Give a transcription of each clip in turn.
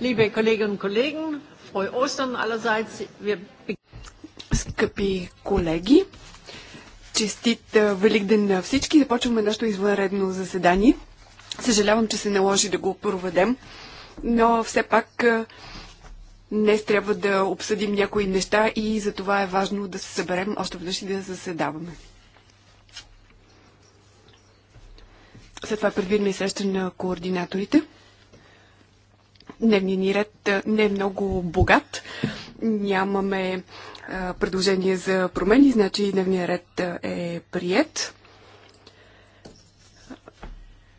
Liebe Kolleginnen und Kollegen, frohe Ostern allerseits. Wir... Скъпи колеги, честит Велик ден на всички. Започваме нашето извънредно заседание. Съжалявам, че се наложи да го проведем, но все пак днес трябва да обсъдим някои неща и за това е важно да се съберем още веднъж и да заседаваме. След това предвидна и среща на координаторите – Дневният ни ред не е много богат. Нямаме предложение за промени, значи дневният ред е прият.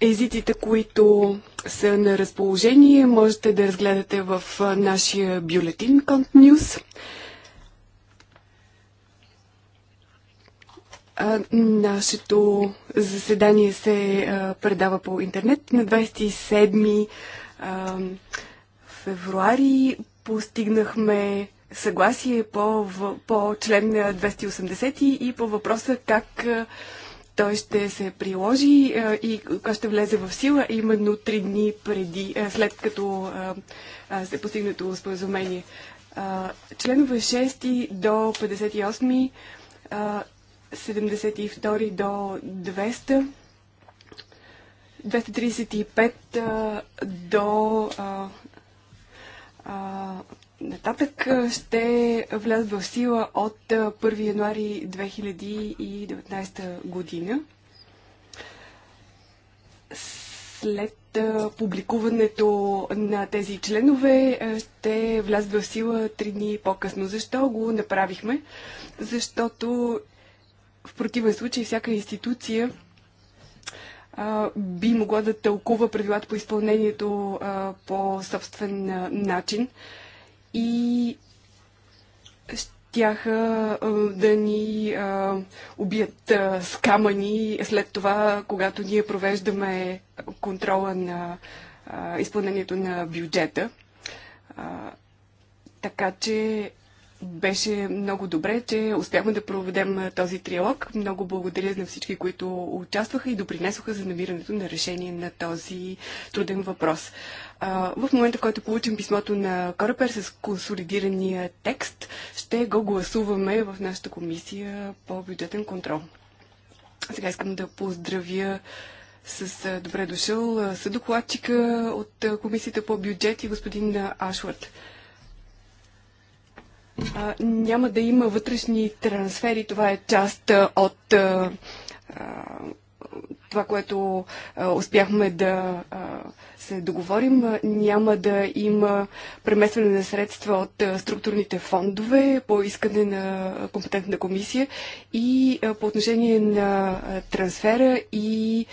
Езиците, които са на разположение, можете да разгледате в нашия бюлетин Content News. Нашето заседание се предава по интернет на 27 февруари постигнахме съгласие по, по член 280 и по въпроса как той ще се приложи и кога ще влезе в сила именно три дни преди, след като се постигнато споразумение. Членове 6 до 58, 72 до 200 235 до а, а, нататък ще влязат в сила от 1 януари 2019 година. След публикуването на тези членове ще влязат в сила 3 дни по-късно. Защо го направихме? Защото в противен случай всяка институция би могла да тълкува правилата по изпълнението по собствен начин и щяха да ни убият с камъни след това, когато ние провеждаме контрола на изпълнението на бюджета. Така че беше много добре, че успяхме да проведем този триалог. Много благодаря на всички, които участваха и допринесоха за намирането на решение на този труден въпрос. В момента, в който получим писмото на Корепер с консолидирания текст, ще го гласуваме в нашата комисия по бюджетен контрол. Сега искам да поздравя с добре дошъл съдокладчика от Комисията по бюджет и господин Ашвард а, няма да има вътрешни трансфери. Това е част а, от а, това, което а, успяхме да а, се договорим. Няма да има преместване на средства от а, структурните фондове по искане на компетентна комисия и а, по отношение на а, трансфера и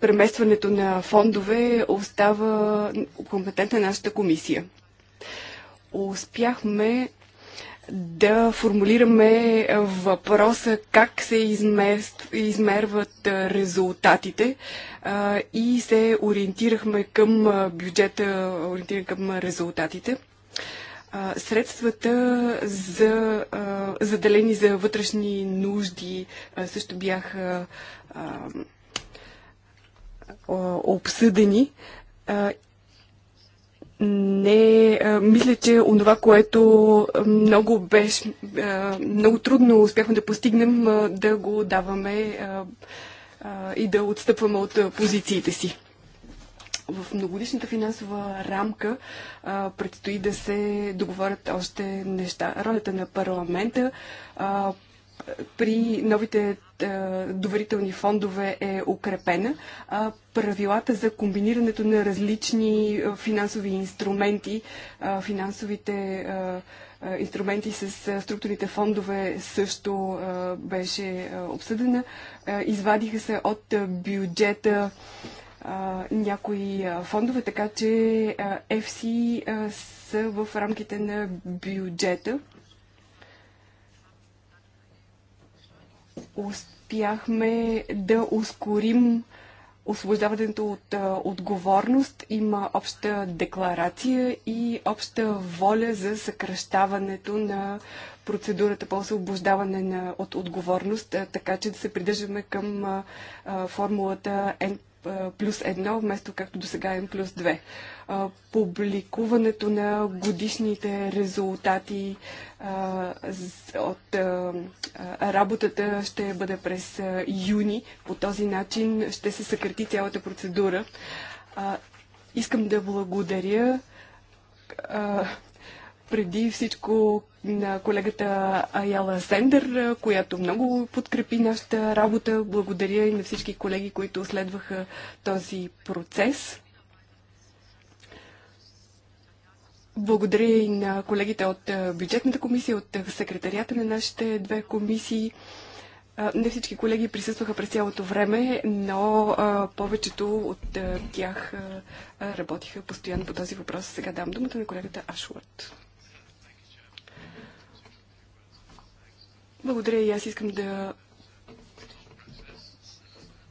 преместването на фондове остава компетентна нашата комисия успяхме да формулираме въпроса как се измерват резултатите и се ориентирахме към бюджета, ориентиран към резултатите. средствата за, заделени за вътрешни нужди също бяха обсъдени не, а, мисля, че онова, което много беше, а, много трудно успяхме да постигнем, а, да го даваме а, а, и да отстъпваме от а, позициите си. В многодишната финансова рамка а, предстои да се договорят още неща. Ролята на парламента а, при новите е, доверителни фондове е укрепена, правилата за комбинирането на различни е, финансови инструменти, е, финансовите инструменти с структурните фондове също беше обсъдена. Извадиха се от бюджета някои фондове, така че FC са в рамките на бюджета. успяхме да ускорим освобождаването от а, отговорност. Има обща декларация и обща воля за съкръщаването на процедурата по освобождаване на, от отговорност, а, така че да се придържаме към а, формулата N плюс едно, вместо както до сега е, плюс две. Публикуването на годишните резултати от работата ще бъде през юни. По този начин ще се съкрати цялата процедура. Искам да благодаря преди всичко на колегата Аяла Сендер, която много подкрепи нашата работа. Благодаря и на всички колеги, които следваха този процес. Благодаря и на колегите от бюджетната комисия, от секретарията на нашите две комисии. Не всички колеги присъстваха през цялото време, но повечето от тях работиха постоянно по този въпрос. Сега дам думата на колегата Ашуарт. Благодаря и аз искам да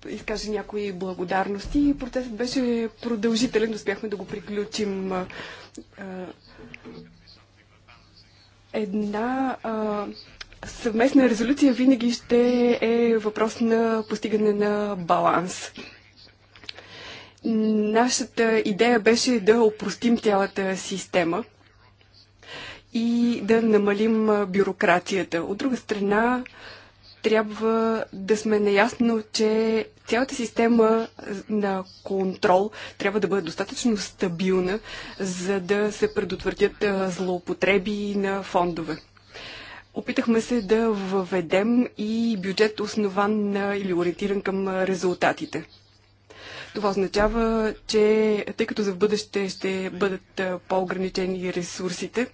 изкажа някои благодарности. Процесът беше продължителен, успяхме да го приключим. Една съвместна резолюция винаги ще е въпрос на постигане на баланс. Нашата идея беше да опростим цялата система – и да намалим бюрокрацията. От друга страна, трябва да сме наясно, че цялата система на контрол трябва да бъде достатъчно стабилна, за да се предотвратят злоупотреби на фондове. Опитахме се да въведем и бюджет основан на или ориентиран към резултатите. Това означава, че тъй като за в бъдеще ще бъдат по-ограничени ресурсите,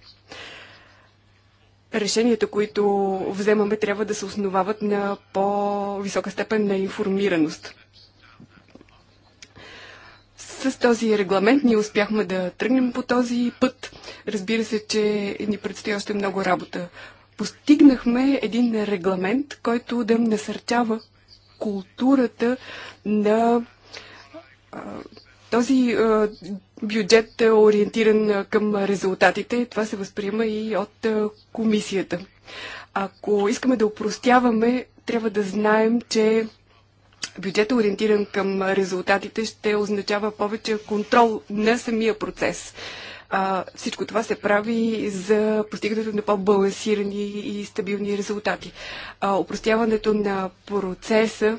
решенията, които вземаме, трябва да се основават на по-висока степен на информираност. С този регламент ние успяхме да тръгнем по този път. Разбира се, че ни предстои още много работа. Постигнахме един регламент, който да насърчава културата на а, този а, бюджет е ориентиран към резултатите. Това се възприема и от комисията. Ако искаме да упростяваме, трябва да знаем, че бюджет ориентиран към резултатите ще означава повече контрол на самия процес. А, всичко това се прави за постигането на по-балансирани и стабилни резултати. А, упростяването на процеса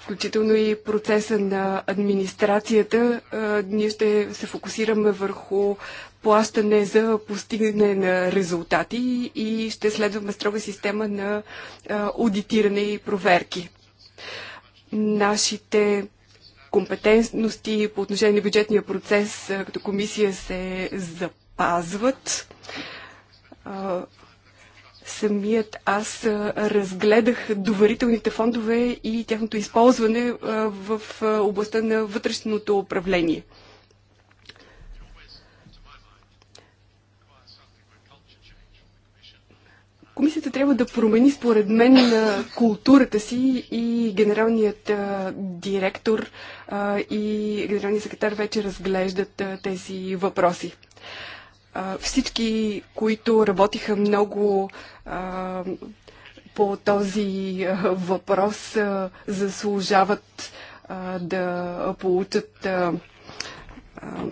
включително и процеса на администрацията. Ние ще се фокусираме върху плащане за постигане на резултати и ще следваме строга система на аудитиране и проверки. Нашите компетентности по отношение на бюджетния процес като комисия се запазват. Самият аз разгледах доверителните фондове и тяхното използване в областта на вътрешното управление. Комисията трябва да промени, според мен, културата си и генералният директор и генералният секретар вече разглеждат тези въпроси всички, които работиха много по този въпрос, заслужават да получат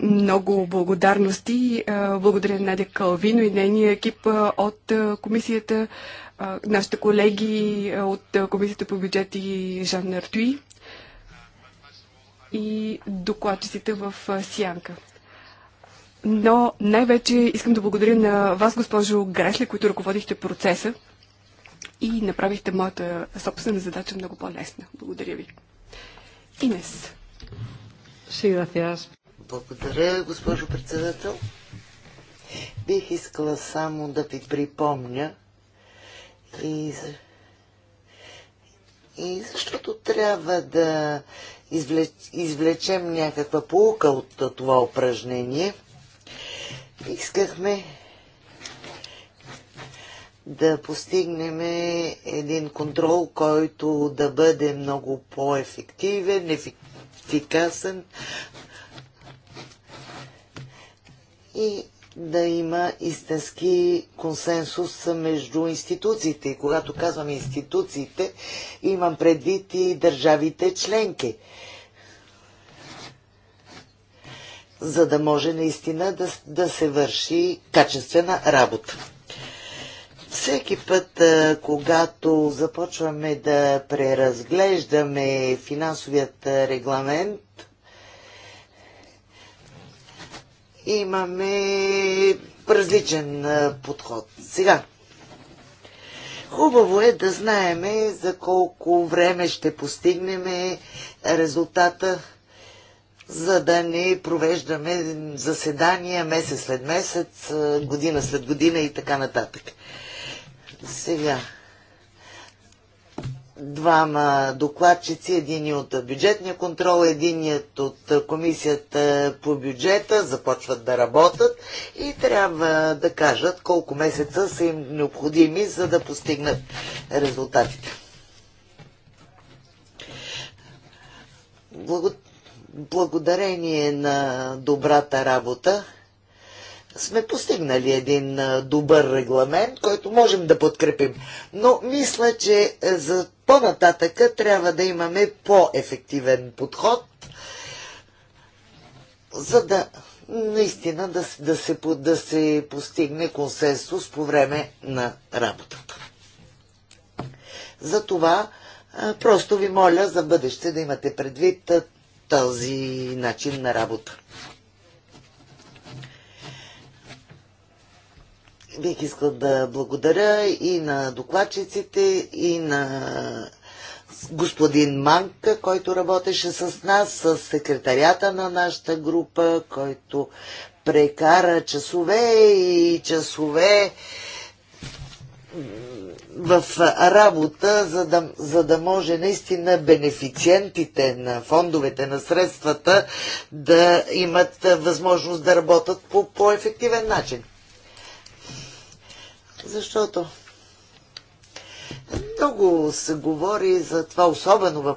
много благодарности. Благодаря на Надя Калвино и нейния екип от комисията, нашите колеги от комисията по бюджет и Жан Артуи и докладчиците в Сянка. Но най-вече искам да благодаря на вас, госпожо Гресле, които ръководихте процеса и направихте моята собствена задача много по-лесна. Благодаря ви. Инес. Благодаря, госпожо председател. Бих искала само да ви припомня и, и защото трябва да извлеч, извлечем някаква полука от това упражнение – искахме да постигнем един контрол, който да бъде много по-ефективен, ефикасен и да има истински консенсус между институциите. И когато казвам институциите, имам предвид и държавите членки за да може наистина да, да се върши качествена работа. Всеки път, когато започваме да преразглеждаме финансовият регламент, имаме различен подход. Сега, хубаво е да знаеме за колко време ще постигнем резултата за да не провеждаме заседания месец след месец, година след година и така нататък. Сега. Двама докладчици, един е от бюджетния контрол, единият от комисията по бюджета, започват да работят и трябва да кажат колко месеца са им необходими, за да постигнат резултатите. Благодаря благодарение на добрата работа сме постигнали един добър регламент, който можем да подкрепим. Но мисля, че е, за по-нататъка трябва да имаме по-ефективен подход, за да наистина да, да, се, да се постигне консенсус по време на работата. Затова просто ви моля за бъдеще да имате предвид този начин на работа. Бих искал да благодаря и на докладчиците, и на господин Манка, който работеше с нас, с секретарята на нашата група, който прекара часове и часове в работа, за да, за да може наистина бенефициентите на фондовете, на средствата да имат възможност да работят по по-ефективен начин. Защото много се говори за това, особено в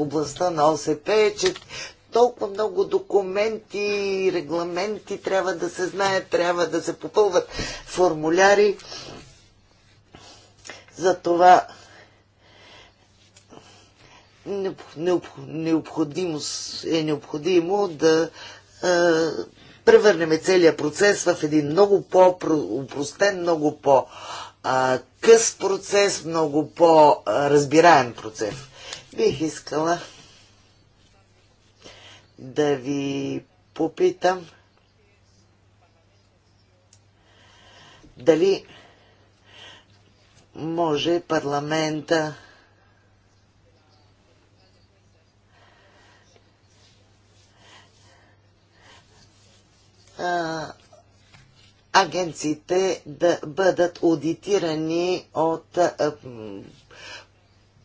областта на ОСП, че толкова много документи, регламенти трябва да се знаят, трябва да се попълват формуляри. Затова необходимост е необходимо да превърнем целият процес в един много по-упростен, много по-къс процес, много по-разбираем процес. Бих искала да ви попитам дали може парламента агенциите да бъдат аудитирани от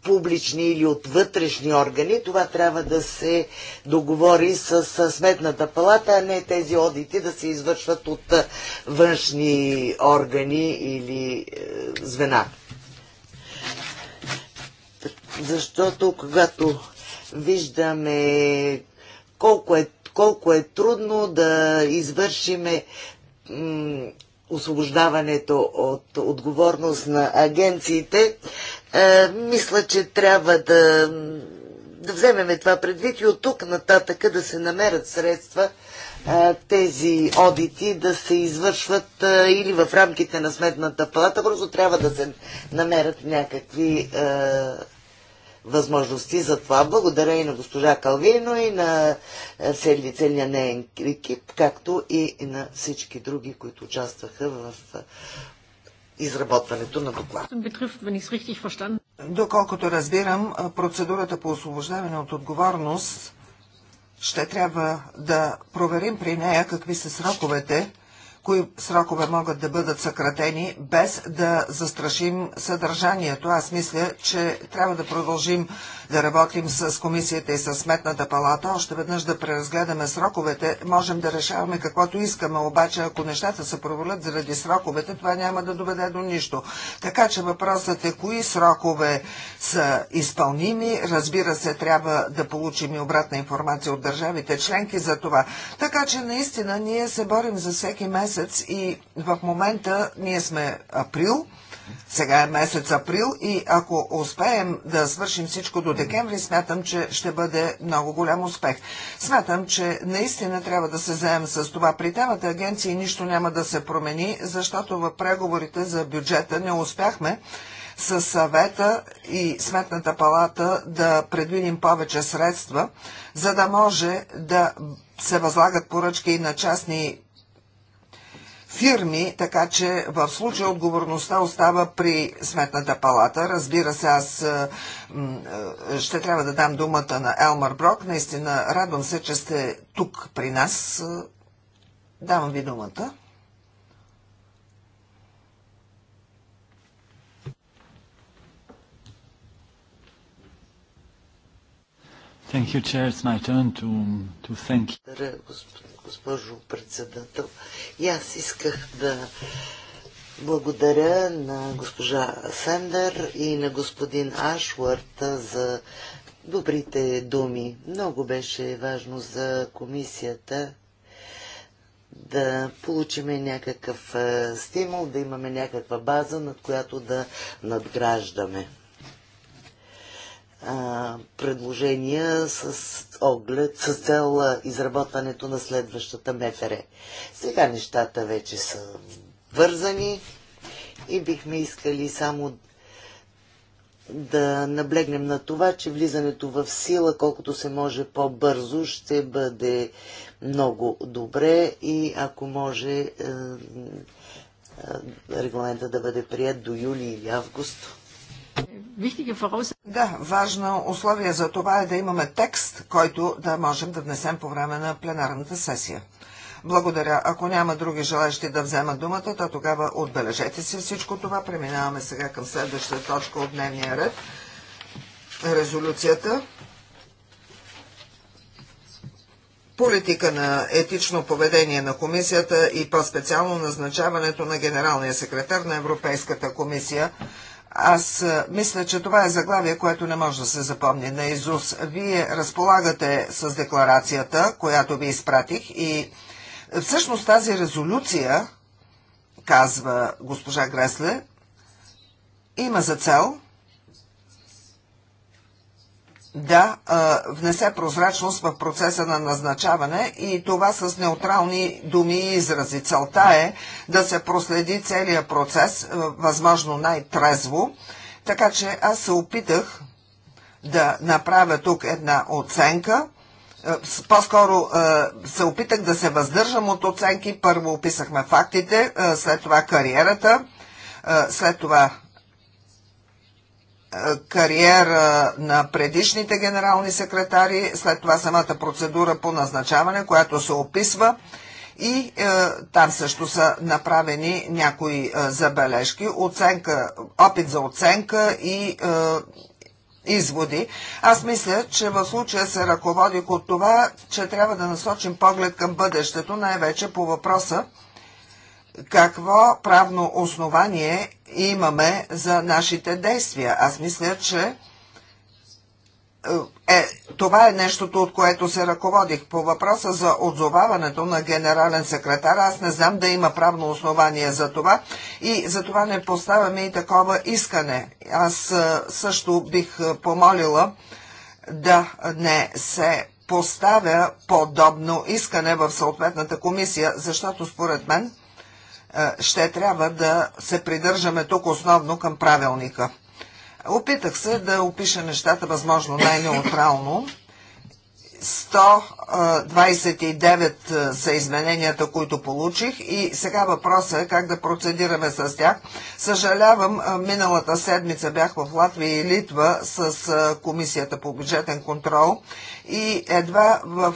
публични или от вътрешни органи. Това трябва да се договори с, с Сметната палата, а не тези одити да се извършват от външни органи или е, звена. Защото когато виждаме колко е, колко е трудно да извършиме освобождаването от отговорност на агенциите, е, мисля, че трябва да, да вземеме това предвид и от тук нататък да се намерят средства е, тези одити да се извършват е, или в рамките на сметната палата, просто трябва да се намерят някакви е, възможности за това. Благодаря и на госпожа Калвино, и на цели, целият неен екип, както и на всички други, които участваха в изработването на доклад. Доколкото разбирам, процедурата по освобождаване от отговорност ще трябва да проверим при нея какви са сроковете, кои срокове могат да бъдат съкратени, без да застрашим съдържанието. Аз мисля, че трябва да продължим да работим с комисията и с сметната палата, още веднъж да преразгледаме сроковете. Можем да решаваме каквото искаме, обаче ако нещата се провалят заради сроковете, това няма да доведе до нищо. Така че въпросът е кои срокове са изпълними. Разбира се, трябва да получим и обратна информация от държавите членки за това. Така че наистина ние се борим за всеки месец месец и в момента ние сме април, сега е месец април и ако успеем да свършим всичко до декември, смятам, че ще бъде много голям успех. Смятам, че наистина трябва да се заем с това. При темата агенции нищо няма да се промени, защото в преговорите за бюджета не успяхме с съвета и сметната палата да предвидим повече средства, за да може да се възлагат поръчки и на частни фирми, така че в случая отговорността остава при Сметната палата. Разбира се, аз е, е, ще трябва да дам думата на Елмар Брок. Наистина радвам се, че сте тук при нас. Е, давам ви думата. Thank you, Chair. It's my turn to, to thank you госпожо председател. И аз исках да благодаря на госпожа Сендер и на господин Ашвард за добрите думи. Много беше важно за комисията да получиме някакъв стимул, да имаме някаква база, над която да надграждаме предложения с оглед, с цел изработването на следващата МФР. Сега нещата вече са вързани и бихме искали само да наблегнем на това, че влизането в сила, колкото се може по-бързо, ще бъде много добре и ако може е, е, регламента да бъде прият до юли или август. Да, важно условие за това е да имаме текст, който да можем да внесем по време на пленарната сесия. Благодаря. Ако няма други желащи да вземат думата, то тогава отбележете си всичко това. Преминаваме сега към следващата точка от дневния ред. Резолюцията. Политика на етично поведение на комисията и по-специално назначаването на генералния секретар на Европейската комисия. Аз мисля, че това е заглавие, което не може да се запомни на Изус. Вие разполагате с декларацията, която ви изпратих и всъщност тази резолюция, казва госпожа Гресле, има за цел да а, внесе прозрачност в процеса на назначаване и това с неутрални думи и изрази. Целта е да се проследи целият процес, възможно най-трезво, така че аз се опитах да направя тук една оценка. По-скоро се опитах да се въздържам от оценки. Първо описахме фактите, след това кариерата, след това кариера на предишните генерални секретари, след това самата процедура по назначаване, която се описва и е, там също са направени някои е, забележки, оценка, опит за оценка и е, изводи. Аз мисля, че в случая се ръководих от това, че трябва да насочим поглед към бъдещето, най-вече по въпроса какво правно основание имаме за нашите действия. Аз мисля, че е, е, това е нещото, от което се ръководих. По въпроса за отзоваването на генерален секретар, аз не знам да има правно основание за това и за това не поставяме и такова искане. Аз е, също бих е, помолила да не се поставя подобно искане в съответната комисия, защото според мен ще трябва да се придържаме тук основно към правилника. Опитах се да опиша нещата възможно най-неутрално. 129 са измененията, които получих и сега въпросът е как да процедираме с тях. Съжалявам, миналата седмица бях в Латвия и Литва с Комисията по бюджетен контрол и едва в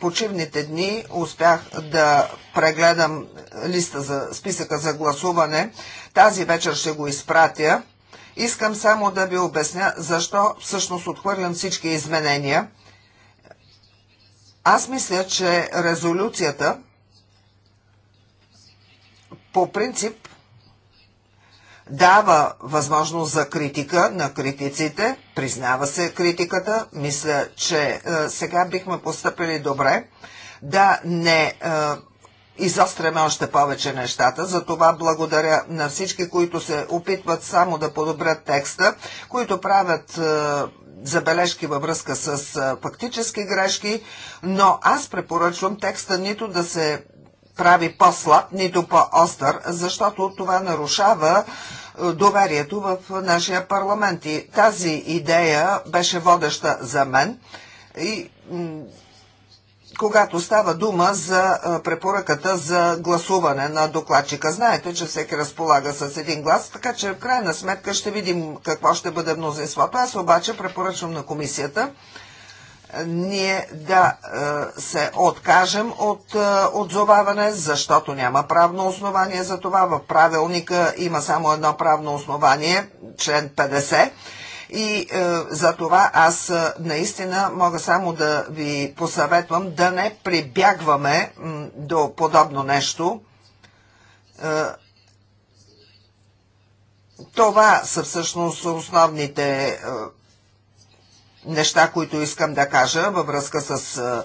почивните дни успях да прегледам листа за списъка за гласуване. Тази вечер ще го изпратя. Искам само да ви обясня защо всъщност отхвърлям всички изменения – аз мисля, че резолюцията по принцип дава възможност за критика на критиците, признава се критиката, мисля, че е, сега бихме поступили добре да не е, изостреме още повече нещата. За това благодаря на всички, които се опитват само да подобрят текста, които правят е, забележки във връзка с е, фактически грешки, но аз препоръчвам текста нито да се прави по-слаб, нито по-остър, защото това нарушава е, доверието в нашия парламент. И тази идея беше водеща за мен. И когато става дума за препоръката за гласуване на докладчика. Знаете, че всеки разполага с един глас, така че в крайна сметка ще видим какво ще бъде мнозинството. Аз обаче препоръчвам на комисията ние да се откажем от отзоваване, защото няма правно основание за това. В правилника има само едно правно основание, член 50 и е, за това аз е, наистина мога само да ви посъветвам да не прибягваме м, до подобно нещо. Е, това са всъщност основните е, неща, които искам да кажа във връзка с е,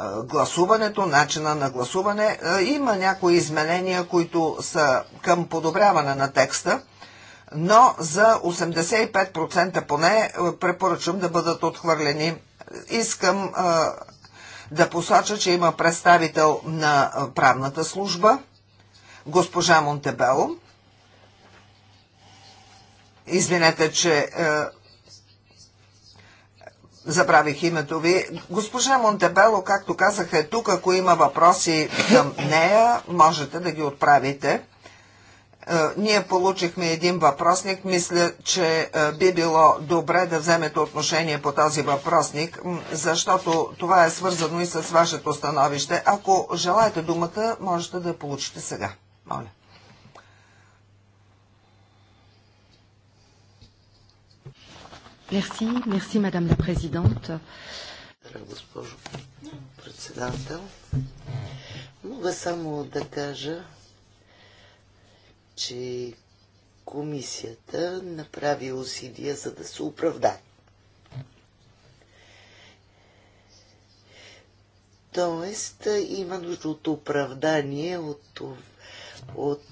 е гласуването, начина на гласуване. Е, има някои изменения, които са към подобряване на текста но за 85% поне е, препоръчвам да бъдат отхвърлени. Искам а, е, да посоча, че има представител на е, правната служба, госпожа Монтебело. Извинете, че забравих името ви. Госпожа Монтебело, както казах, е тук. Ако има въпроси към нея, можете да ги отправите. Е, ние получихме един въпросник. Мисля, че е, би било добре да вземете отношение по този въпросник, защото това е свързано и с вашето становище. Ако желаете думата, можете да я получите сега. Моля. Мерси, мерси, мадам ла президент. госпожо председател. Мога само да кажа, че комисията направи усилия, за да се оправдае. Тоест, има нужда от оправдание, от, от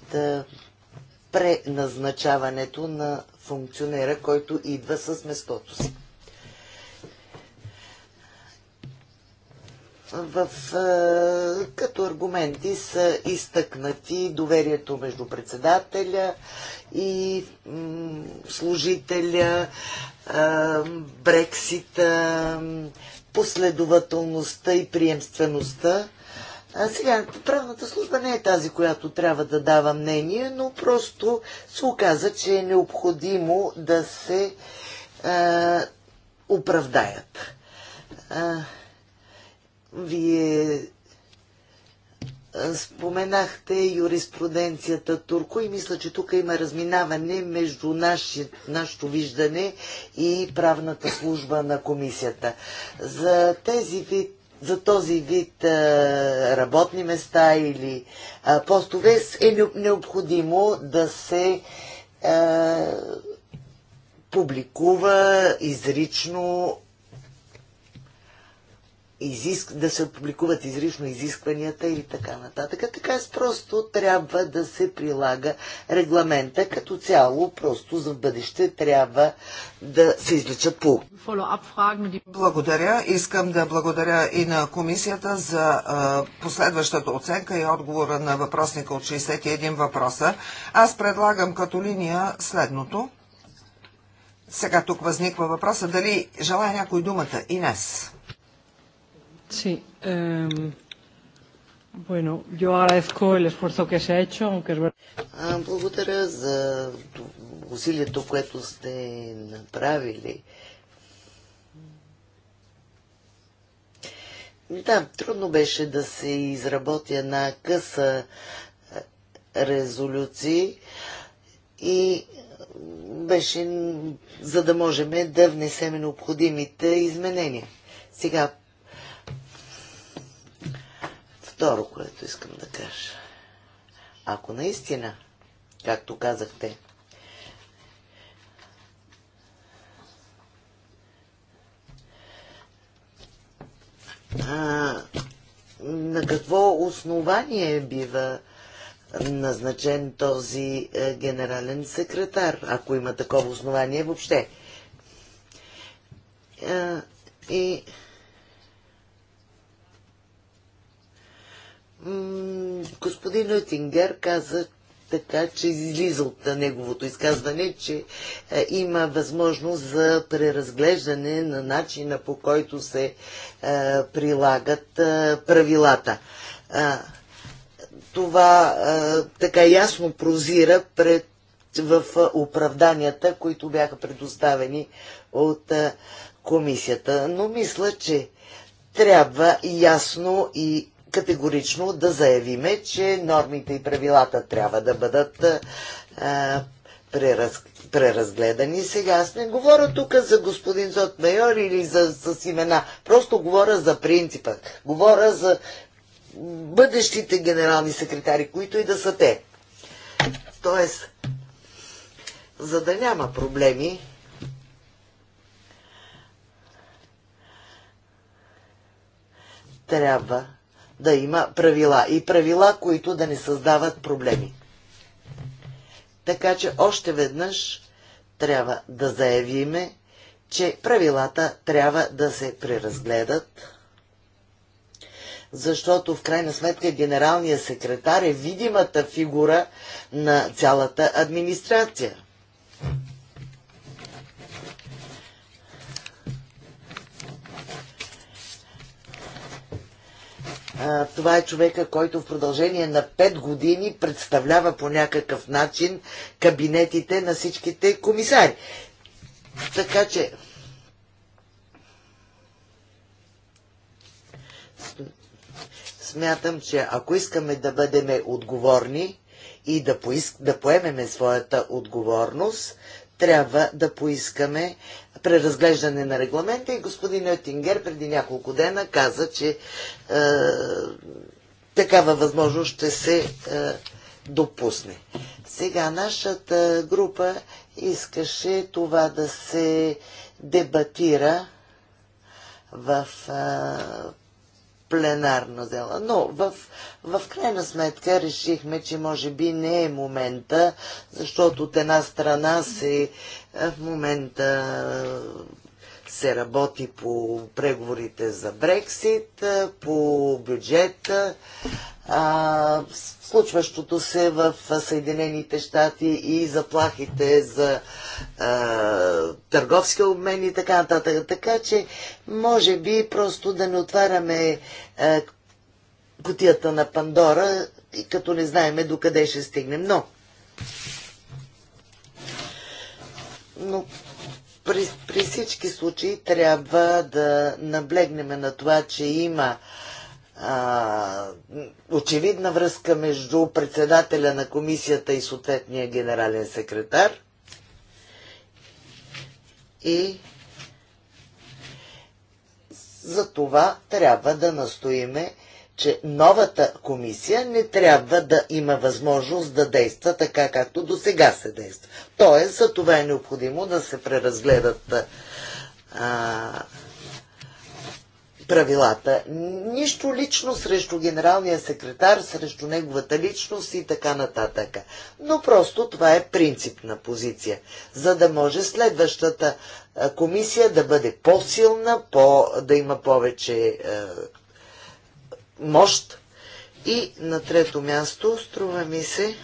преназначаването на функционера, който идва с местото си. в, е, като аргументи са изтъкнати доверието между председателя и служителя, е, Брексита, последователността и приемствеността. А сега, правната служба не е тази, която трябва да дава мнение, но просто се оказа, че е необходимо да се а, е, оправдаят. А, вие споменахте юриспруденцията Турко и мисля, че тук има разминаване между наши, нашето виждане и правната служба на комисията. За тези вид за този вид а, работни места или а, постове е необходимо да се а, публикува изрично изиск... да се публикуват изрично изискванията или така нататък. Така е просто трябва да се прилага регламента като цяло, просто за бъдеще трябва да се излича по. Нали? Благодаря. Искам да благодаря и на комисията за а, последващата оценка и отговора на въпросника от 61 въпроса. Аз предлагам като линия следното. Сега тук възниква въпроса дали желая някой думата. Инес. Sí. Bueno, yo agradezco el esfuerzo que se ha hecho, aunque es verdad. Ah, благодаря за усилието, което сте направили. Да, трудно беше да се изработи една къса е, резолюция и беше за да можем да внесем необходимите изменения. Сега Второ, което искам да кажа. Ако наистина, както казахте, а, на какво основание бива назначен този е, генерален секретар, ако има такова основание въобще. И господин Лютингер каза така, че излиза от неговото изказване, че е, има възможност за преразглеждане на начина по който се е, прилагат е, правилата. Е, това е, така ясно прозира пред, в оправданията, които бяха предоставени от е, комисията. Но мисля, че трябва ясно и категорично да заявиме, че нормите и правилата трябва да бъдат а, прераз, преразгледани. Сега аз не говоря тук за господин Зот Майор или за, с имена. Просто говоря за принципа. Говоря за бъдещите генерални секретари, които и да са те. Тоест, за да няма проблеми, трябва да има правила и правила, които да не създават проблеми. Така че още веднъж трябва да заявиме, че правилата трябва да се преразгледат, защото в крайна сметка генералният секретар е видимата фигура на цялата администрация. Това е човека, който в продължение на 5 години представлява по някакъв начин кабинетите на всичките комисари. Така че смятам, че ако искаме да бъдем отговорни и да, поиск, да поемеме своята отговорност, трябва да поискаме преразглеждане на регламента и господин Оттингер преди няколко дена каза, че е, такава възможност ще се е, допусне. Сега нашата група искаше това да се дебатира в е, пленарна дело. Но в, в крайна сметка решихме, че може би не е момента, защото от една страна се е, в момента се работи по преговорите за Брексит, по бюджета, а, случващото се в Съединените щати и заплахите за а, търговски обмен и така нататък. Така че, може би, просто да не отваряме а, кутията на Пандора, като не знаеме докъде ще стигнем. Но, но при, при всички случаи трябва да наблегнем на това, че има а, очевидна връзка между председателя на комисията и съответния генерален секретар. И за това трябва да настоиме че новата комисия не трябва да има възможност да действа така, както до сега се действа. Тоест, за това е необходимо да се преразгледат а, правилата. Нищо лично срещу генералния секретар, срещу неговата личност и така нататък. Но просто това е принципна позиция, за да може следващата комисия да бъде по-силна, по, да има повече А, мощ. И на трето място, струва ми се,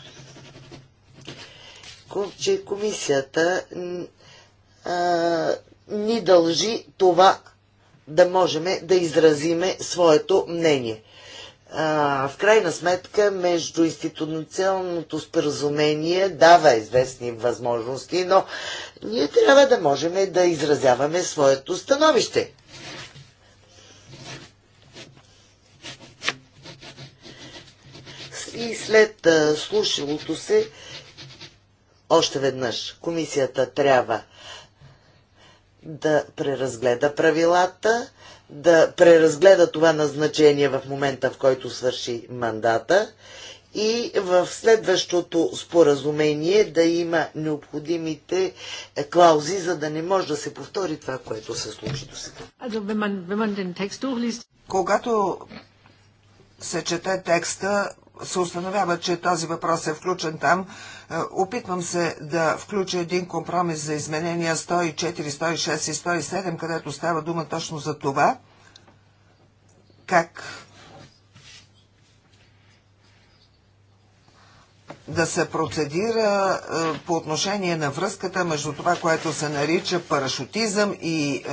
че комисията а, ни дължи това да можем да изразиме своето мнение. А, в крайна сметка, между институционалното споразумение дава известни възможности, но ние трябва да можем да изразяваме своето становище. и след слушалото се още веднъж комисията трябва да преразгледа правилата, да преразгледа това назначение в момента, в който свърши мандата и в следващото споразумение да има необходимите е, клаузи, за да не може да се повтори това, което се случи до сега. Когато се чете текста, се установява, че този въпрос е включен там, е, опитвам се да включа един компромис за изменения 104, 106 и 107, където става дума точно за това, как да се процедира е, по отношение на връзката между това, което се нарича парашутизъм и е,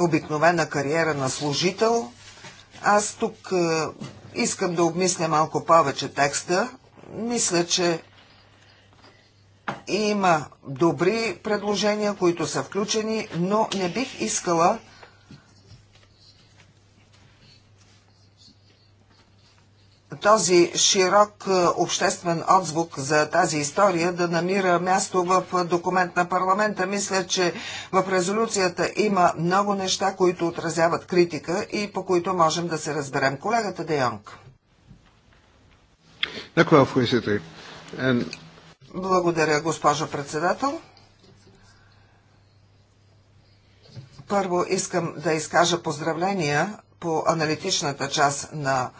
обикновена кариера на служител. Аз тук е, искам да обмисля малко повече текста. Мисля, че има добри предложения, които са включени, но не бих искала този широк е, обществен отзвук за тази история да намира място в е, документ на парламента. Мисля, че в резолюцията има много неща, които отразяват критика и по които можем да се разберем. Колегата Де Йонг. Благодаря, госпожо председател. Първо искам да изкажа поздравления по аналитичната част на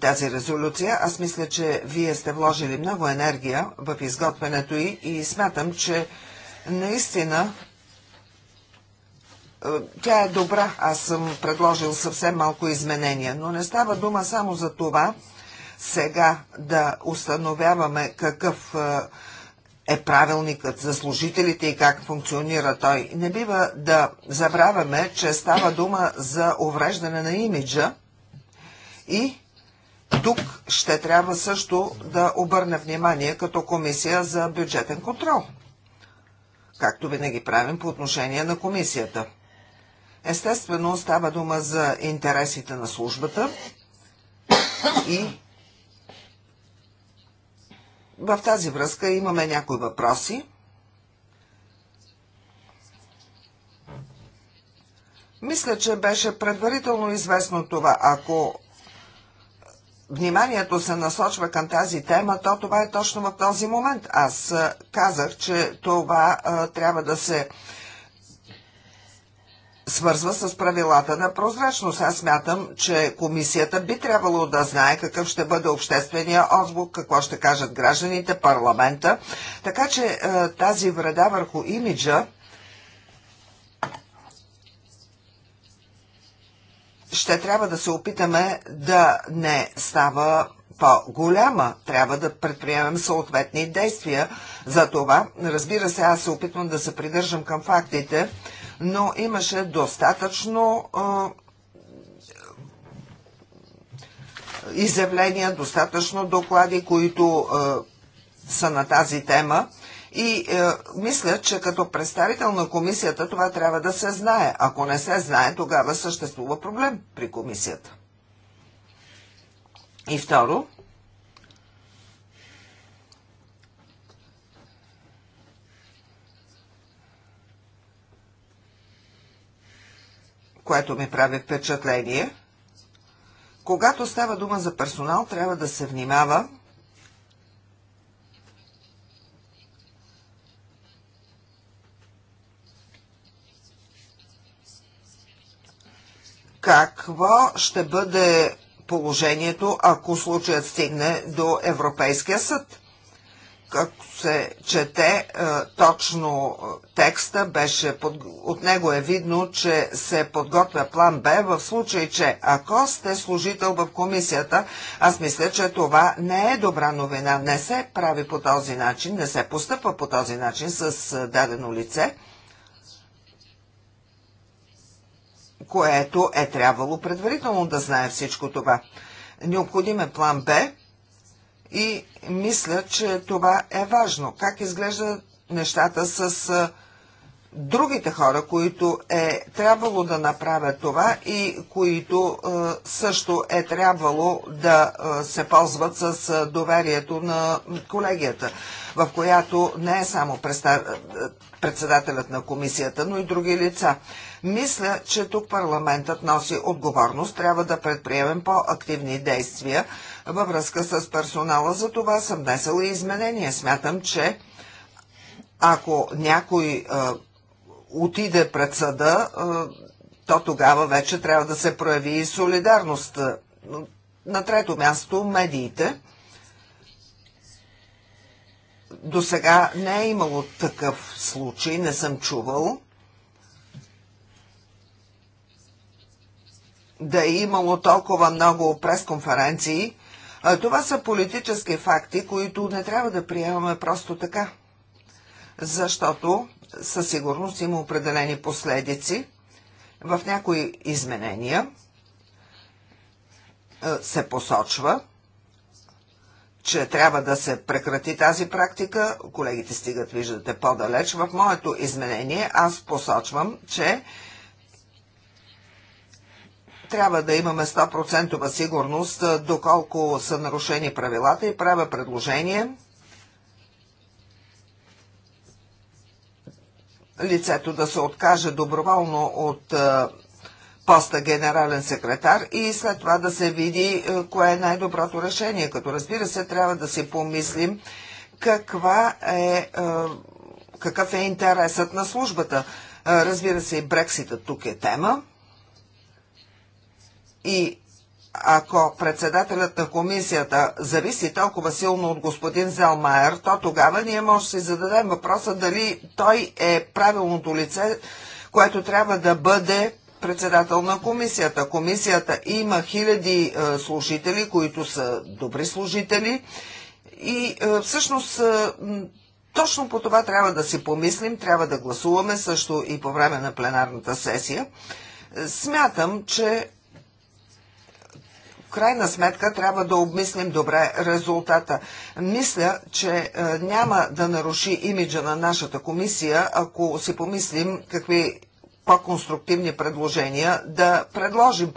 тази резолюция. Аз мисля, че вие сте вложили много енергия в изготвянето й и смятам, че наистина е, тя е добра. Аз съм предложил съвсем малко изменения, но не става дума само за това сега да установяваме какъв е, е правилникът за служителите и как функционира той. Не бива да забравяме, че става дума за увреждане на имиджа и тук ще трябва също да обърне внимание като комисия за бюджетен контрол, както винаги правим по отношение на комисията. Естествено, става дума за интересите на службата и в тази връзка имаме някои въпроси. Мисля, че беше предварително известно това. Ако вниманието се насочва към тази тема, то това е точно в този момент. Аз казах, че това трябва да се свързва с правилата на прозрачност. Аз смятам, че комисията би трябвало да знае какъв ще бъде обществения отзвук, какво ще кажат гражданите, парламента. Така че тази вреда върху имиджа ще трябва да се опитаме да не става по-голяма. Трябва да предприемем съответни действия за това. Разбира се, аз се опитвам да се придържам към фактите, но имаше достатъчно изявления, достатъчно доклади, които е, са на тази тема. И е, мисля, че като представител на комисията това трябва да се знае. Ако не се знае, тогава съществува проблем при комисията. И второ, което ми прави впечатление, когато става дума за персонал, трябва да се внимава какво ще бъде положението, ако случаят стигне до Европейския съд. Както се чете е, точно е, текста, беше, от него е видно, че се подготвя план Б в случай, че ако сте служител в комисията, аз мисля, че това не е добра новина. Не се прави по този начин, не се постъпва по този начин с е, дадено лице – което е трябвало предварително да знае всичко това. Необходим е план Б и мисля, че това е важно. Как изглежда нещата с другите хора, които е трябвало да направят това и които е, също е трябвало да е, се ползват с е, доверието на колегията, в която не е само е, председателят на комисията, но и други лица. Мисля, че тук парламентът носи отговорност, трябва да предприемем по-активни действия във връзка с персонала. За това съм внесела и изменения. Смятам, че ако някой е, отиде пред съда, то тогава вече трябва да се прояви и солидарност. На трето място медиите. До сега не е имало такъв случай, не съм чувал. Да е имало толкова много пресконференции. Това са политически факти, които не трябва да приемаме просто така. Защото със сигурност има определени последици. В някои изменения е, се посочва, че трябва да се прекрати тази практика. Колегите стигат, виждате, по-далеч. В моето изменение аз посочвам, че трябва да имаме 100% сигурност е, доколко са нарушени правилата и правя предложение лицето да се откаже доброволно от е, поста генерален секретар и след това да се види е, кое е най-доброто решение. Като разбира се, трябва да си помислим каква е, е какъв е интересът на службата. Разбира се, и Брекситът тук е тема. И ако председателят на комисията зависи толкова силно от господин Зелмайер, то тогава ние може да си зададем въпроса дали той е правилното лице, което трябва да бъде председател на комисията. Комисията има хиляди е, служители, които са добри служители и е, всъщност е, точно по това трябва да си помислим, трябва да гласуваме също и по време на пленарната сесия. Смятам, че крайна сметка трябва да обмислим добре резултата. Мисля, че е, няма да наруши имиджа на нашата комисия, ако си помислим какви по-конструктивни предложения да предложим.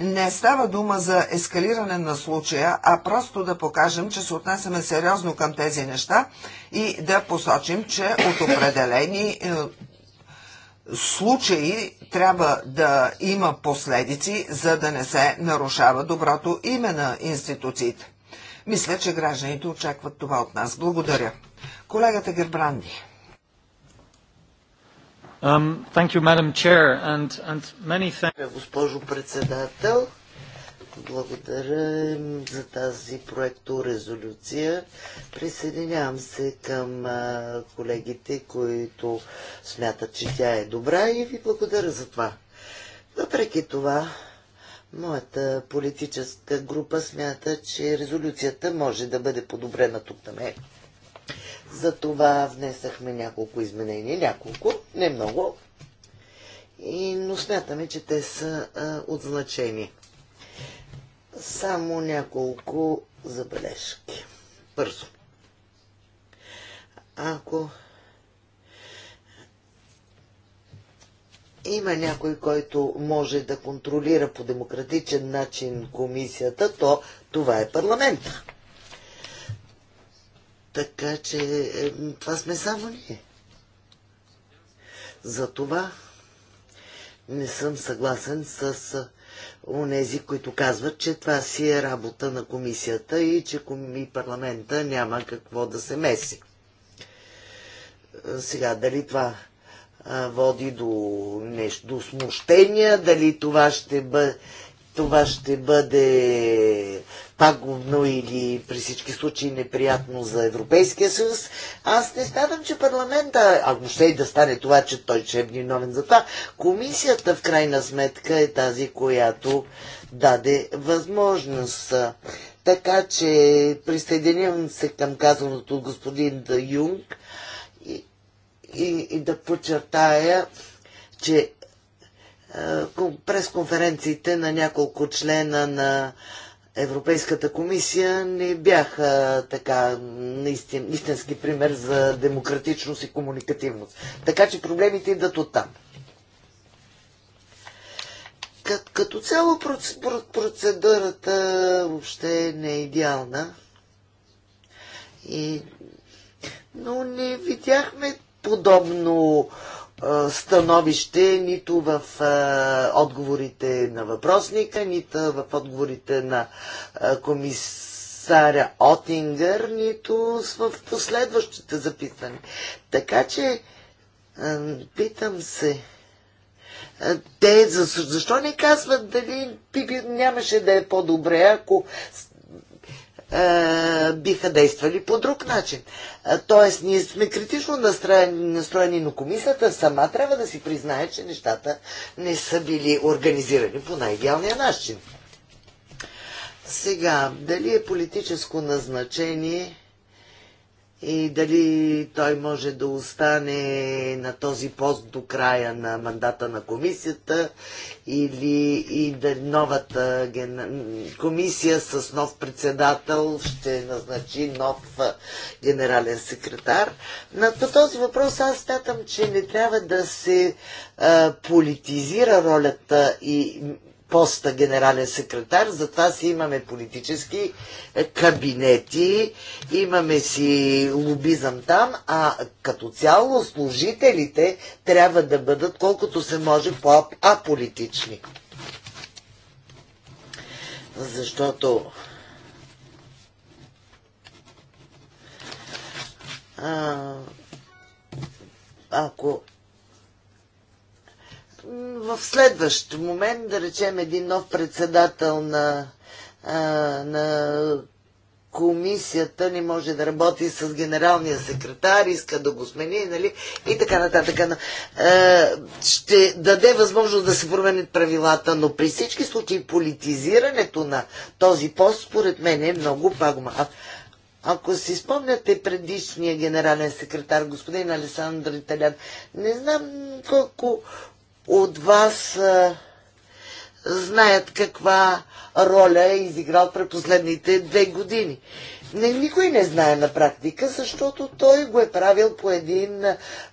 Не става дума за ескалиране на случая, а просто да покажем, че се отнасяме сериозно към тези неща и да посочим, че от определени е, случаи трябва да има последици, за да не се нарушава доброто име на институциите. Мисля, че гражданите очакват това от нас. Благодаря. Колегата Гербранди. Um, you, and, and thank... Госпожо председател, благодаря за тази проекторезолюция. Присъединявам се към колегите, които смятат, че тя е добра и ви благодаря за това. Въпреки това, моята политическа група смята, че резолюцията може да бъде подобрена тук на мен. Затова внесахме няколко изменения, няколко, не много, и, но смятаме, че те са а, от значение. Само няколко забележки. Бързо. Ако има някой, който може да контролира по демократичен начин комисията, то това е парламента. Така че това сме само ние. Затова не съм съгласен с нези, които казват, че това си е работа на комисията и че и парламента няма какво да се меси. Сега, дали това води до нещо, до смущения, дали това ще бъде, това ще бъде пагубно или при всички случаи неприятно за Европейския съюз. Аз не смятам, че парламента, ако ще и да стане това, че той ще е виновен за това, комисията в крайна сметка е тази, която даде възможност. Така че присъединявам се към казаното от господин Да Юнг и, и, и да подчертая, че през конференциите на няколко члена на Европейската комисия не бяха така наистин, истински пример за демократичност и комуникативност. Така че проблемите идват оттам. там. като цяло процедурата въобще не е идеална. И... Но не видяхме подобно становище нито в отговорите на въпросника, нито в отговорите на комисаря Отингър, нито в последващите запитване. Така че, питам се, те защо не казват дали нямаше да е по-добре, ако е, биха действали по друг начин. Е, тоест, ние сме критично настроени, настроени, но комисията сама трябва да си признае, че нещата не са били организирани по най-идеалния начин. Сега, дали е политическо назначение и дали той може да остане на този пост до края на мандата на комисията или и да новата ген... комисия с нов председател ще назначи нов генерален секретар. На по този въпрос аз смятам, че не трябва да се а, политизира ролята и поста генерален секретар, затова си имаме политически е, кабинети, имаме си лобизъм там, а като цяло служителите трябва да бъдат колкото се може по-аполитични. Защото а, ако в следващ момент, да речем, един нов председател на, а, на комисията не може да работи с генералния секретар, иска да го смени, нали, и така нататък. А, ще даде възможност да се променят правилата, но при всички случаи политизирането на този пост, според мен, е много пагма. Ако си спомняте предишния генерален секретар, господин Александър Италян, не знам колко от вас а, знаят каква роля е изиграл през последните две години. Не, никой не знае на практика, защото той го е правил по един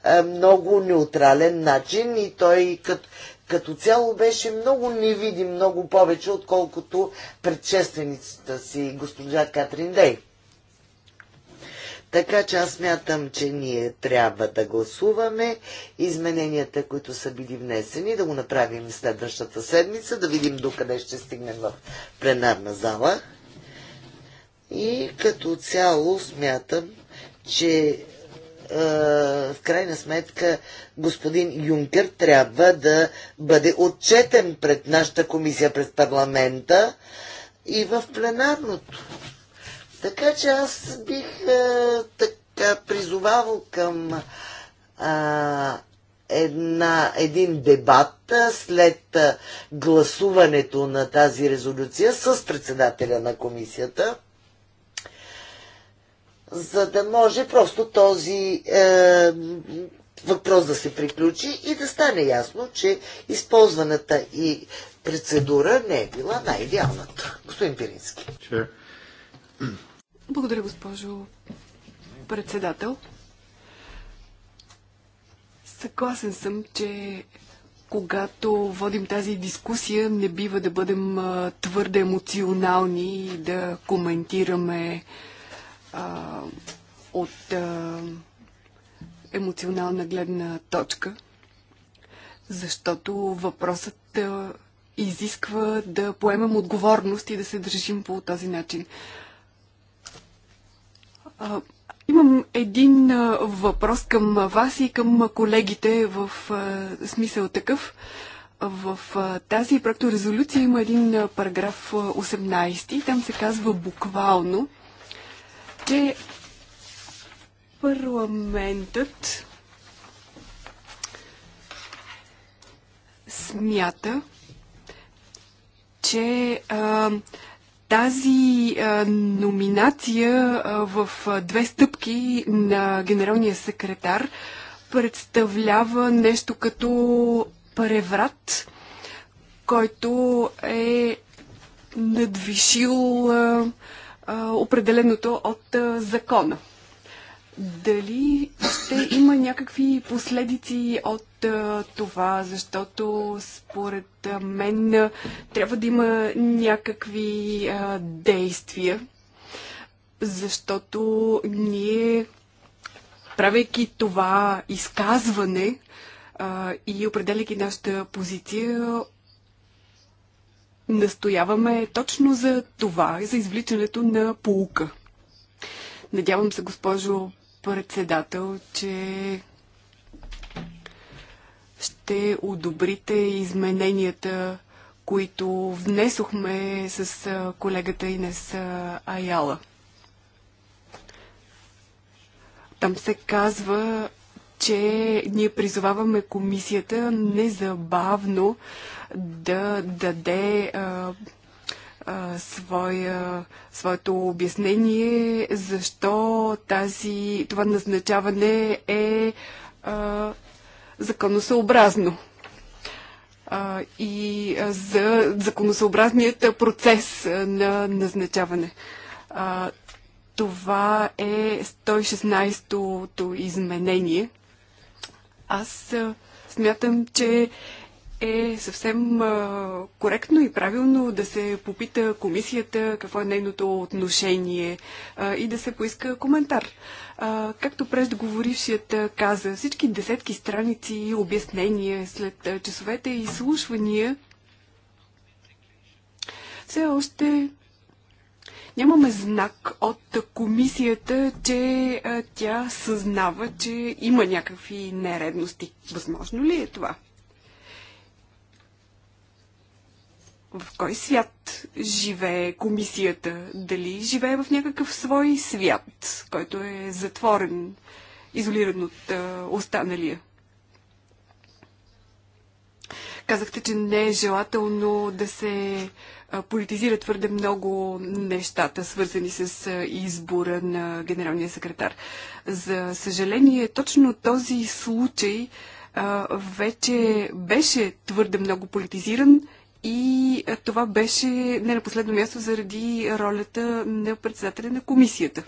а, много неутрален начин и той като, като цяло беше много невидим, много повече, отколкото предшественицата си, госпожа Катрин Дей. Така че аз мятам, че ние трябва да гласуваме измененията, които са били внесени, да го направим следващата седмица, да видим докъде ще стигнем в пленарна зала. И като цяло смятам, че в крайна сметка господин Юнкер трябва да бъде отчетен пред нашата комисия, пред парламента и в пленарното. Така че аз бих а, е, така призовавал към а, една, един дебат след гласуването на тази резолюция с председателя на комисията, за да може просто този е, въпрос да се приключи и да стане ясно, че използваната и процедура не е била най-идеалната. Господин Пирински. Sure. Благодаря, госпожо председател. Съгласен съм, че когато водим тази дискусия, не бива да бъдем твърде емоционални и да коментираме а, от а, емоционална гледна точка, защото въпросът а, изисква да поемем отговорност и да се държим по този начин. Имам един въпрос към вас и към колегите в смисъл такъв. В тази проекторезолюция има един параграф 18 и там се казва буквално, че парламентът смята, че а, тази а, номинация а, в а, две стъпки на генералния секретар представлява нещо като преврат, който е надвишил а, а, определеното от а, закона. Дали ще има някакви последици от а, това, защото според мен а, трябва да има някакви а, действия, защото ние, правейки това изказване а, и определяйки нашата позиция, настояваме точно за това, за извличането на полука. Надявам се, госпожо председател, че ще одобрите измененията, които внесохме с колегата Инес Аяла. Там се казва, че ние призоваваме комисията незабавно да даде а, своя, своето обяснение защо тази, това назначаване е а, законосъобразно а, и за законосъобразният процес на назначаване. А, това е 116-то изменение. Аз смятам, че е съвсем коректно и правилно да се попита комисията какво е нейното отношение и да се поиска коментар. Както преждеговорившият каза, всички десетки страници и обяснения след часовете и слушвания все още нямаме знак от комисията, че тя съзнава, че има някакви нередности. Възможно ли е това? в кой свят живее комисията? Дали живее в някакъв свой свят, който е затворен, изолиран от а, останалия? Казахте, че не е желателно да се политизира твърде много нещата, свързани с избора на генералния секретар. За съжаление, точно този случай а, вече беше твърде много политизиран и е, това беше не на последно място заради ролята на председателя на комисията.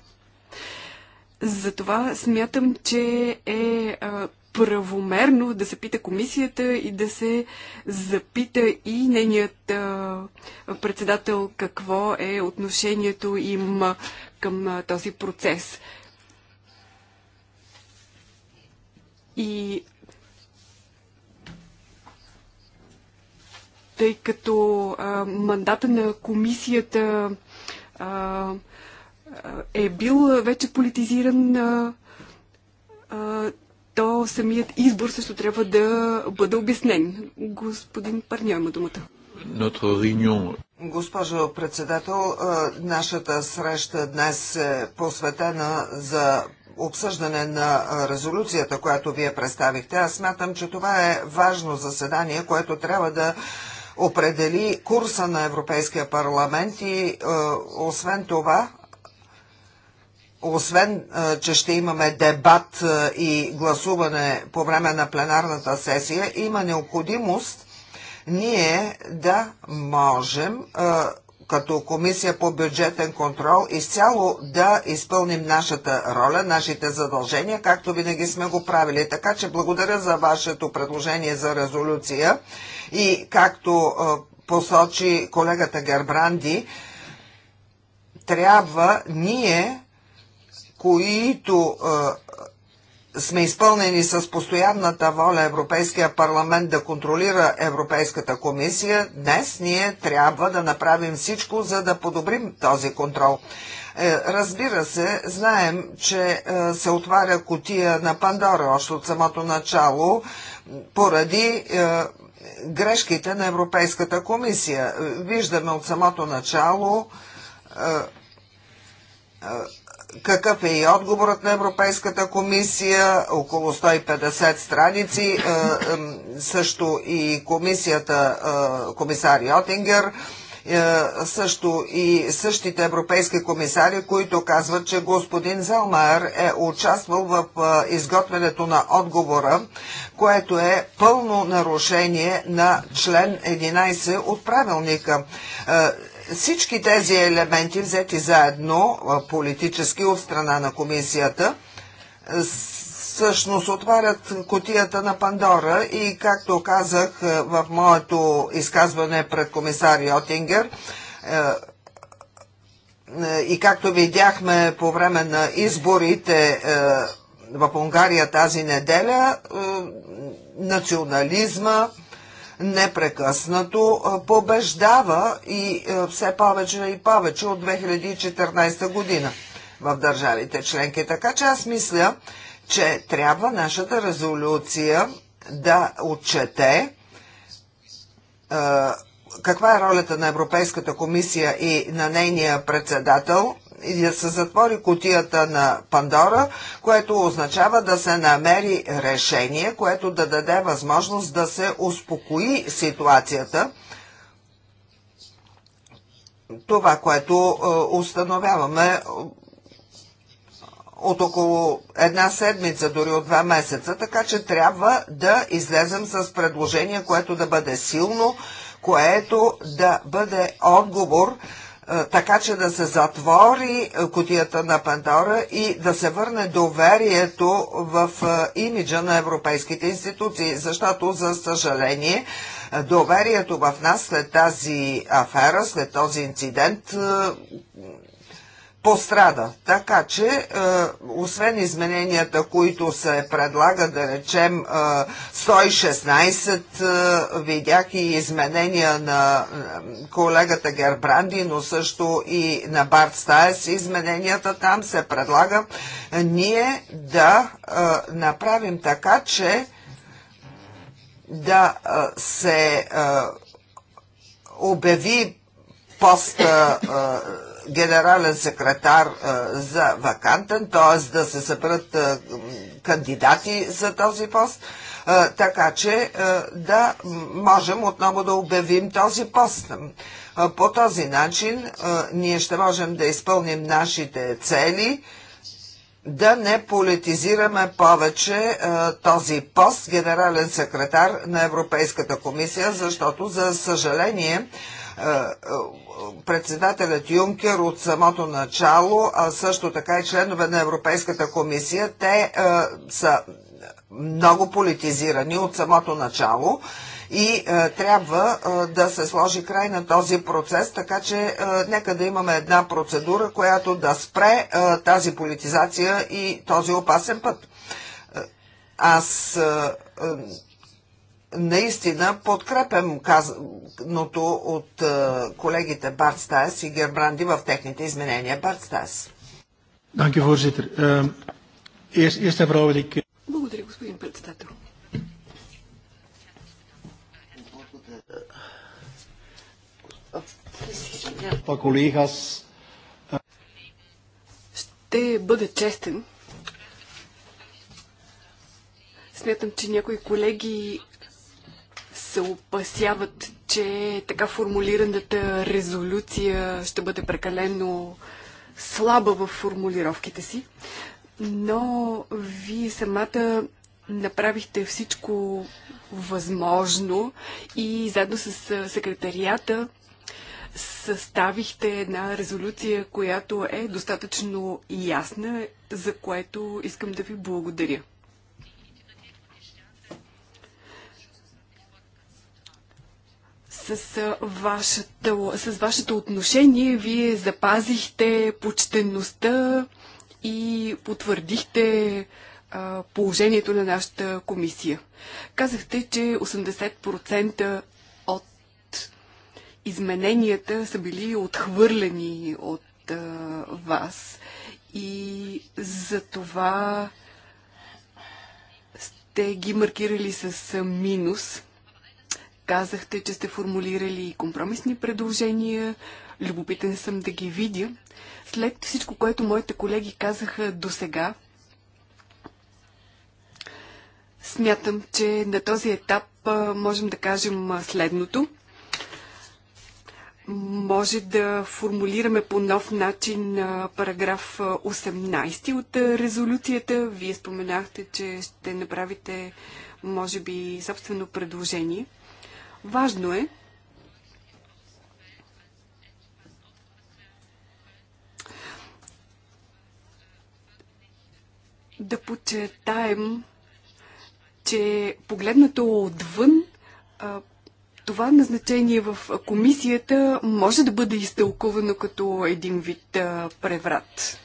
Затова смятам, че е правомерно да се пита комисията и да се запита и нейният председател какво е отношението им към този процес. И тъй като а, мандата на комисията а, е бил вече политизиран, а, а, то самият избор също трябва да бъде обяснен. Господин Парня има думата. Госпожо председател, нашата среща днес е посветена за обсъждане на резолюцията, която вие представихте. Аз смятам, че това е важно заседание, което трябва да определи курса на Европейския парламент и е, освен това освен, е, че ще имаме дебат е, и гласуване по време на пленарната сесия, има необходимост ние да можем като Комисия по бюджетен контрол изцяло да изпълним нашата роля, нашите задължения, както винаги сме го правили. Така че благодаря за вашето предложение за резолюция и както посочи колегата Гербранди, трябва ние, които сме изпълнени с постоянната воля Европейския парламент да контролира Европейската комисия, днес ние трябва да направим всичко, за да подобрим този контрол. Е, разбира се, знаем, че е, се отваря котия на Пандора още от самото начало поради е, грешките на Европейската комисия. Виждаме от самото начало какъв е и отговорът на Европейската комисия, около 150 страници, е, също и комисията, е, комисар Йотингер, е, също и същите европейски комисари, които казват, че господин Зелмайер е участвал в изготвянето на отговора, което е пълно нарушение на член 11 от правилника всички тези елементи, взети заедно политически от страна на комисията, всъщност отварят котията на Пандора и, както казах в моето изказване пред комисар Йотингер, и както видяхме по време на изборите в Унгария тази неделя, национализма, непрекъснато побеждава и все повече и повече от 2014 година в държавите членки. Така че аз мисля, че трябва нашата резолюция да отчете каква е ролята на Европейската комисия и на нейния председател и да се затвори котията на Пандора, което означава да се намери решение, което да даде възможност да се успокои ситуацията това, което е, установяваме е, от около една седмица, дори от два месеца, така че трябва да излезем с предложение, което да бъде силно, което да бъде отговор е, така че да се затвори е, котията на Пандора и да се върне доверието в е, имиджа на европейските институции, защото за съжаление доверието в нас след тази афера, след този инцидент пострада. Така че, е, освен измененията, които се предлага да речем е, 116, е, видях и изменения на е, колегата Гербранди, но също и на Барт Стайс, измененията там се предлага ние да е, направим така, че да е, се обяви поста генерален секретар за вакантен, т.е. да се съберат кандидати за този пост, така че да можем отново да обявим този пост. По този начин ние ще можем да изпълним нашите цели, да не политизираме повече този пост генерален секретар на Европейската комисия, защото за съжаление е, е, председателят Юнкер от самото начало, а също така и членове на Европейската комисия, те е, са много политизирани от самото начало и е, трябва е, да се сложи край на този процес, така че е, нека да имаме една процедура, която да спре е, тази политизация и този опасен път. Аз е, е, наистина подкрепям казаното от е, колегите Барт Стас и Гербранди в техните изменения. Барт Стас. Ehm, eh, Благодаря, господин председател. Ще бъда честен. Смятам, че някои колеги се опасяват, че така формулираната резолюция ще бъде прекалено слаба в формулировките си, но вие самата направихте всичко възможно и заедно с секретарията съставихте една резолюция, която е достатъчно ясна, за което искам да ви благодаря. с вашето, с вашето отношение вие запазихте почтенността и потвърдихте положението на нашата комисия. Казахте, че 80% от измененията са били отхвърлени от а, вас и за това сте ги маркирали с минус – Казахте, че сте формулирали компромисни предложения. Любопитен съм да ги видя. След всичко, което моите колеги казаха до сега, смятам, че на този етап можем да кажем следното. Може да формулираме по нов начин параграф 18 от резолюцията. Вие споменахте, че ще направите, може би, собствено предложение. Важно е да почетаем, че погледнато отвън, това назначение в комисията може да бъде изтълкувано като един вид преврат.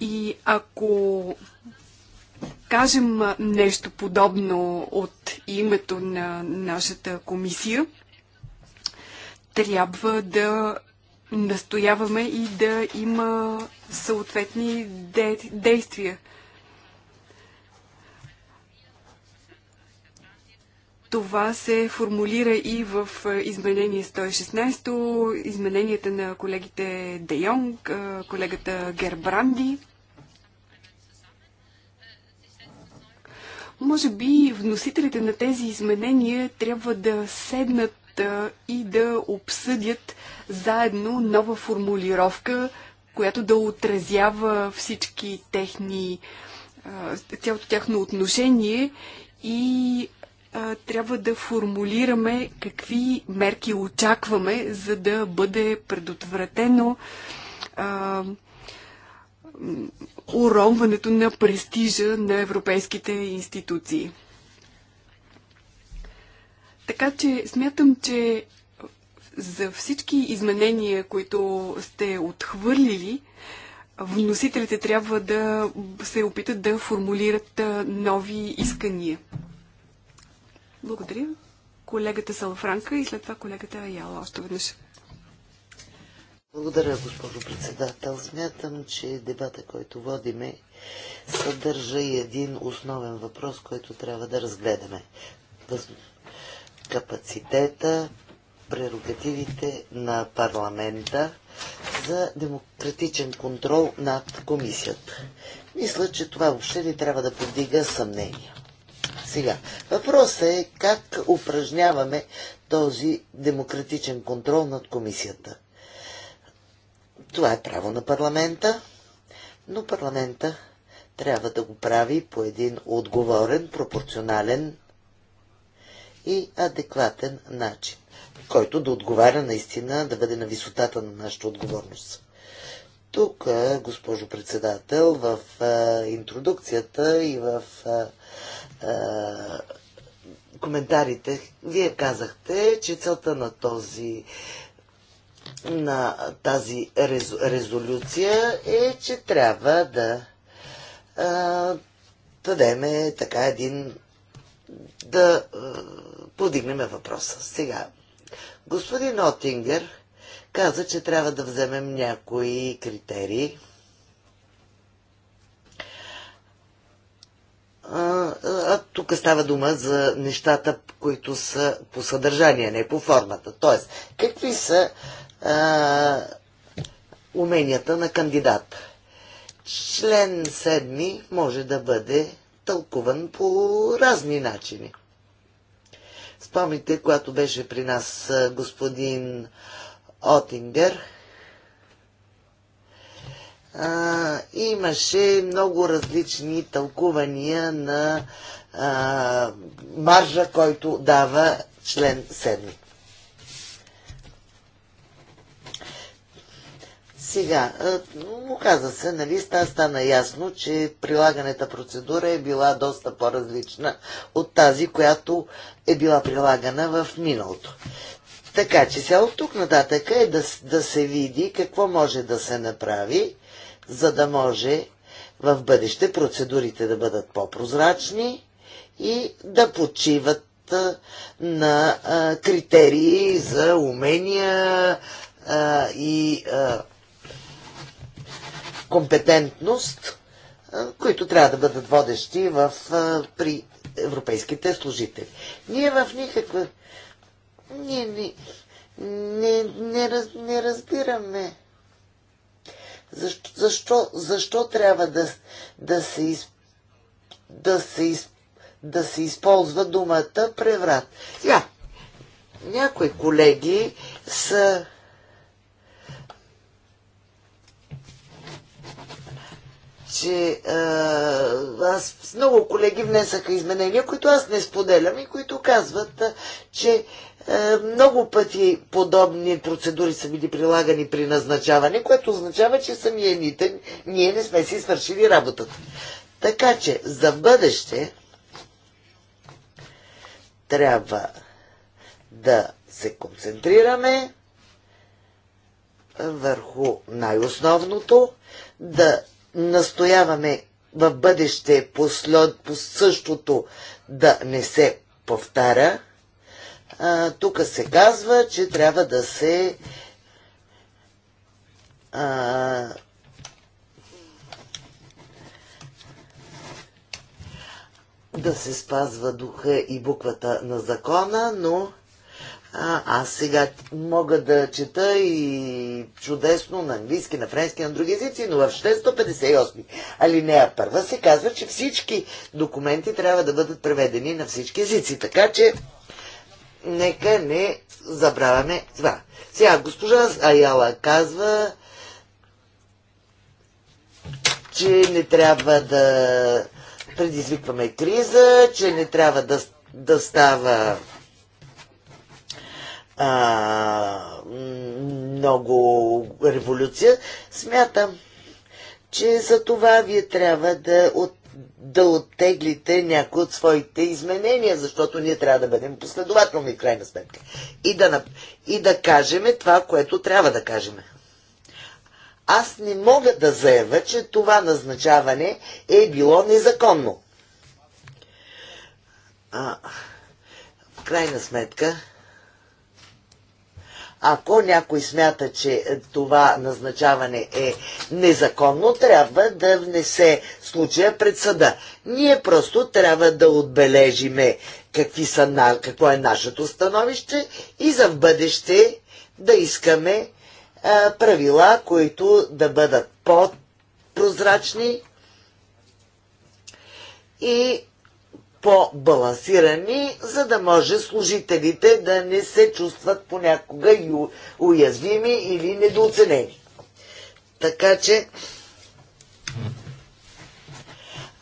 И ако кажем нещо подобно от името на нашата комисия, трябва да настояваме и да има съответни де... действия. Това се формулира и в изменение 116, измененията на колегите Де Йонг, колегата Гербранди. Може би вносителите на тези изменения трябва да седнат и да обсъдят заедно нова формулировка, която да отразява всички техни, цялото тяхно отношение и трябва да формулираме какви мерки очакваме, за да бъде предотвратено уронването на престижа на европейските институции. Така че смятам, че за всички изменения, които сте отхвърлили, вносителите трябва да се опитат да формулират нови искания. Благодаря. Колегата Салафранка и след това колегата Яла още веднъж. Благодаря, госпожо председател. Смятам, че дебата, който водиме, съдържа и един основен въпрос, който трябва да разгледаме. Капацитета, прерогативите на парламента за демократичен контрол над комисията. Мисля, че това въобще не трябва да подига съмнение. Сега, въпросът е как упражняваме този демократичен контрол над комисията. Това е право на парламента, но парламента трябва да го прави по един отговорен, пропорционален и адекватен начин, който да отговаря наистина, да бъде на висотата на нашата отговорност. Тук, госпожо председател, в интродукцията и в коментарите, вие казахте, че целта на този на тази резолюция е, че трябва да а, дадеме така един да а, подигнем въпроса. Сега, господин Отингер каза, че трябва да вземем някои критерии. А, а тук става дума за нещата, които са по съдържание, не по формата. Тоест, какви са а, уменията на кандидата. Член 7 може да бъде тълкуван по разни начини. Спомните, когато беше при нас господин Отингер, а, имаше много различни тълкувания на а, маржа, който дава член 7. Сега, оказа се, нали, стана ясно, че прилаганата процедура е била доста по-различна от тази, която е била прилагана в миналото. Така че сега от тук нататък е да, да се види какво може да се направи, за да може в бъдеще процедурите да бъдат по-прозрачни и да почиват на а, критерии за умения а, и а, компетентност, които трябва да бъдат водещи в, при европейските служители. Ние в никаква... Ние не, не, не, раз, не разбираме защо, защо, защо трябва да, да, се из, да, се из, да се използва думата преврат. Я, някои колеги са че а, аз, много колеги внесаха изменения, които аз не споделям и които казват, а, че а, много пъти подобни процедури са били прилагани при назначаване, което означава, че самия ните, ние не сме си свършили работата. Така че за бъдеще трябва да се концентрираме върху най-основното, да настояваме в бъдеще по, по същото да не се повтаря. А, тук се казва, че трябва да се а, да се спазва духа и буквата на закона, но а, аз сега мога да чета и чудесно на английски, на френски, на други езици, но в 658 алинея първа се казва, че всички документи трябва да бъдат преведени на всички езици. Така че, нека не забравяме това. Сега, госпожа Аяла казва, че не трябва да предизвикваме криза, че не трябва да, да става а, много революция, смятам, че за това вие трябва да, от, да оттеглите някои от своите изменения, защото ние трябва да бъдем последователни в крайна сметка. И да, и да кажеме това, което трябва да кажеме. Аз не мога да заявя, че това назначаване е било незаконно. А, в крайна сметка, ако някой смята, че това назначаване е незаконно, трябва да внесе случая пред съда. Ние просто трябва да отбележиме какви са какво е нашето становище и за в бъдеще да искаме а, правила, които да бъдат по-прозрачни и по-балансирани, за да може служителите да не се чувстват понякога и уязвими или недооценени. Така че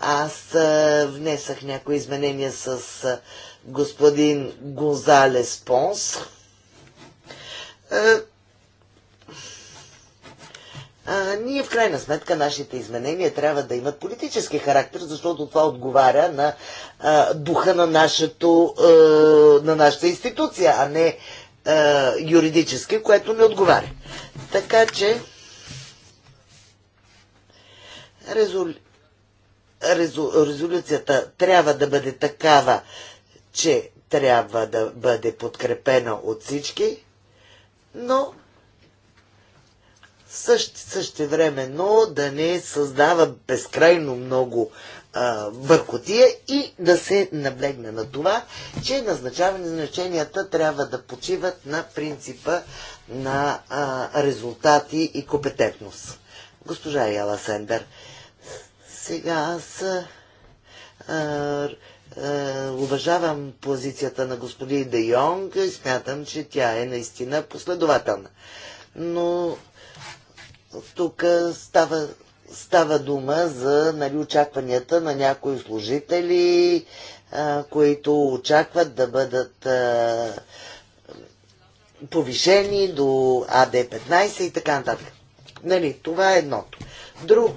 аз внесах някои изменения с господин Гонзалес Понс а, ние в крайна сметка нашите изменения трябва да имат политически характер, защото това отговаря на а, духа на, нашето, а, на нашата институция, а не а, юридически, което не отговаря. Така че резол... Резол... резолюцията трябва да бъде такава, че трябва да бъде подкрепена от всички, но време, но да не създава безкрайно много а, бъркотия и да се наблегне на това, че назначаване значенията трябва да почиват на принципа на а, резултати и компетентност. Госпожа Яла Сендер, сега аз а, а, уважавам позицията на господин Де Йонг и смятам, че тя е наистина последователна. Но тук става, става дума за нали, очакванията на някои служители, а, които очакват да бъдат а, повишени до АД-15 и така нататък. Нали, това е едното. Друг,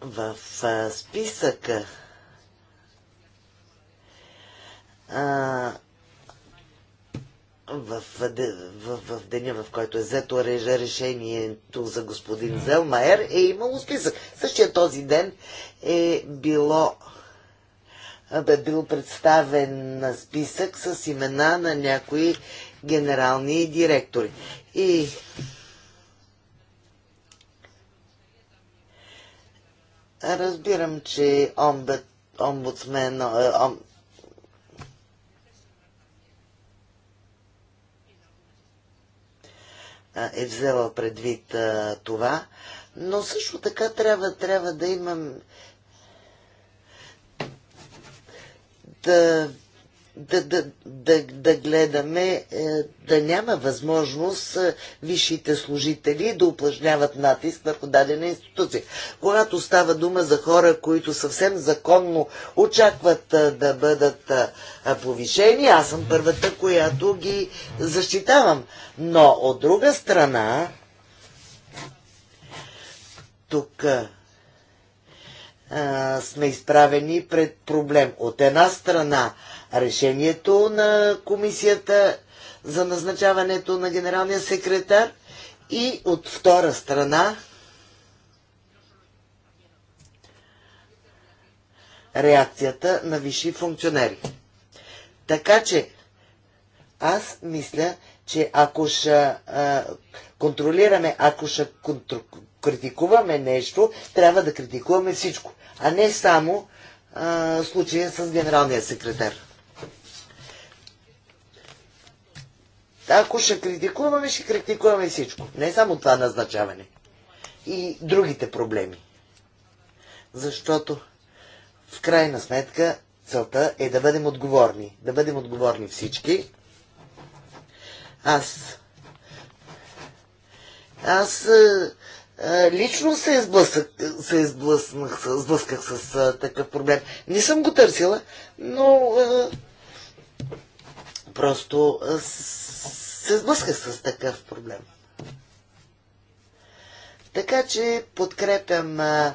в а, списъка а, в, в, в деня, в който е взето решението за господин Зелмаер, е имало списък. Същия този ден е било бе бил представен на списък с имена на някои генерални директори. И разбирам, че омбудсмен, е, е взела предвид а, това, но също така трябва, трябва да имам да да, да, да, да гледаме е, да няма възможност е, висшите служители да упражняват натиск върху дадена институция. Когато става дума за хора, които съвсем законно очакват е, да бъдат повишени, аз съм първата, която ги защитавам. Но от друга страна, тук а, сме изправени пред проблем. От една страна, решението на комисията за назначаването на генералния секретар и от втора страна реакцията на висши функционери. Така че аз мисля, че ако ще контролираме, ако ще критикуваме нещо, трябва да критикуваме всичко, а не само а, случая с генералния секретар. ако ще критикуваме, ще критикуваме всичко. Не само това назначаване. И другите проблеми. Защото в крайна сметка целта е да бъдем отговорни. Да бъдем отговорни всички. Аз. Аз е, е, лично се, изблъсък, се сблъснах, сблъсках с а, е, такъв проблем. Не съм го търсила, но а, просто а, се сблъсках с такъв проблем. Така че подкрепям а,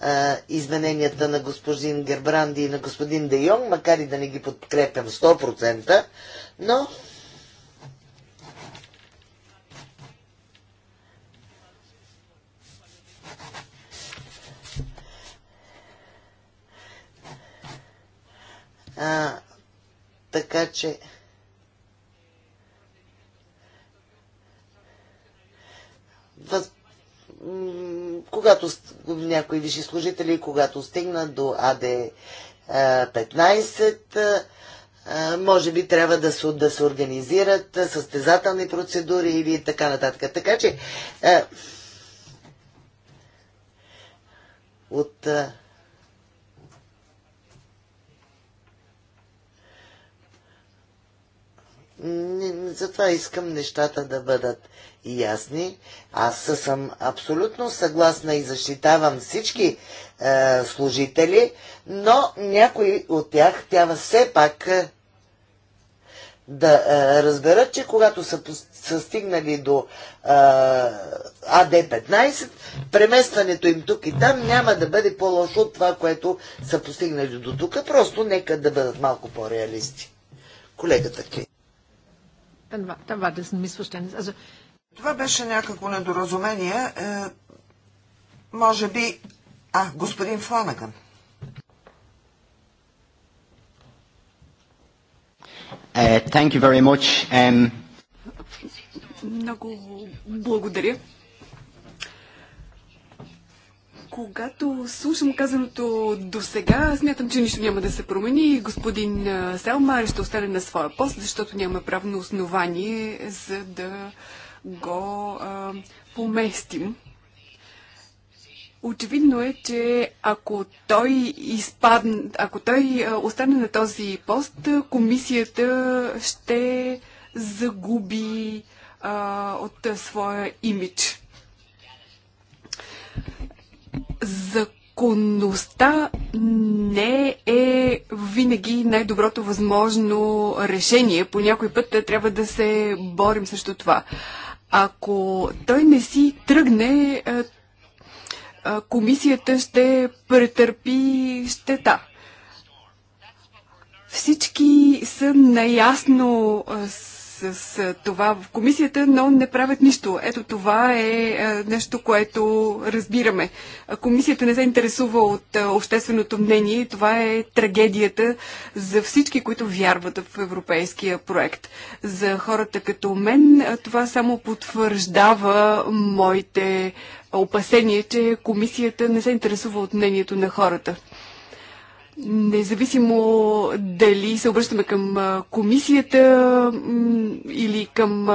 а, измененията на господин Гербранди и на господин Де Йонг, макар и да не ги подкрепям 100%, но а, така че когато някои висши служители, когато стигнат до АД 15, е, е, може би трябва да се, да се организират е, състезателни процедури или така нататък. Така че от затова искам нещата да бъдат и ясни. Аз съм абсолютно съгласна и защитавам всички е, служители, но някои от тях трябва все пак да е, разберат, че когато са, са стигнали до е, АД-15, преместването им тук и там няма да бъде по-лошо от това, което са постигнали до тук. Просто нека да бъдат малко по-реалисти. Колегата Клин. Dann war, dann war das ein Missverständnis. Also това беше някакво недоразумение. Е, може би... А, господин Фланаган. Uh, thank you very much. Um... Много благодаря. Когато слушам казаното до сега, смятам, че нищо няма да се промени и господин е, Селмар ще остане на своя пост, защото няма правно основание за да uh, го а, поместим. Очевидно е, че ако той изпадн, ако той остане на този пост, комисията ще загуби а, от своя имидж. Законността не е винаги най-доброто възможно решение. По някой път трябва да се борим срещу това. Ако той не си тръгне, е, е, комисията ще претърпи щета. Всички са наясно е, с с, това в комисията, но не правят нищо. Ето това е нещо, което разбираме. Комисията не се интересува от общественото мнение. Това е трагедията за всички, които вярват в европейския проект. За хората като мен това само потвърждава моите опасения, че комисията не се интересува от мнението на хората. Независимо дали се обръщаме към комисията или към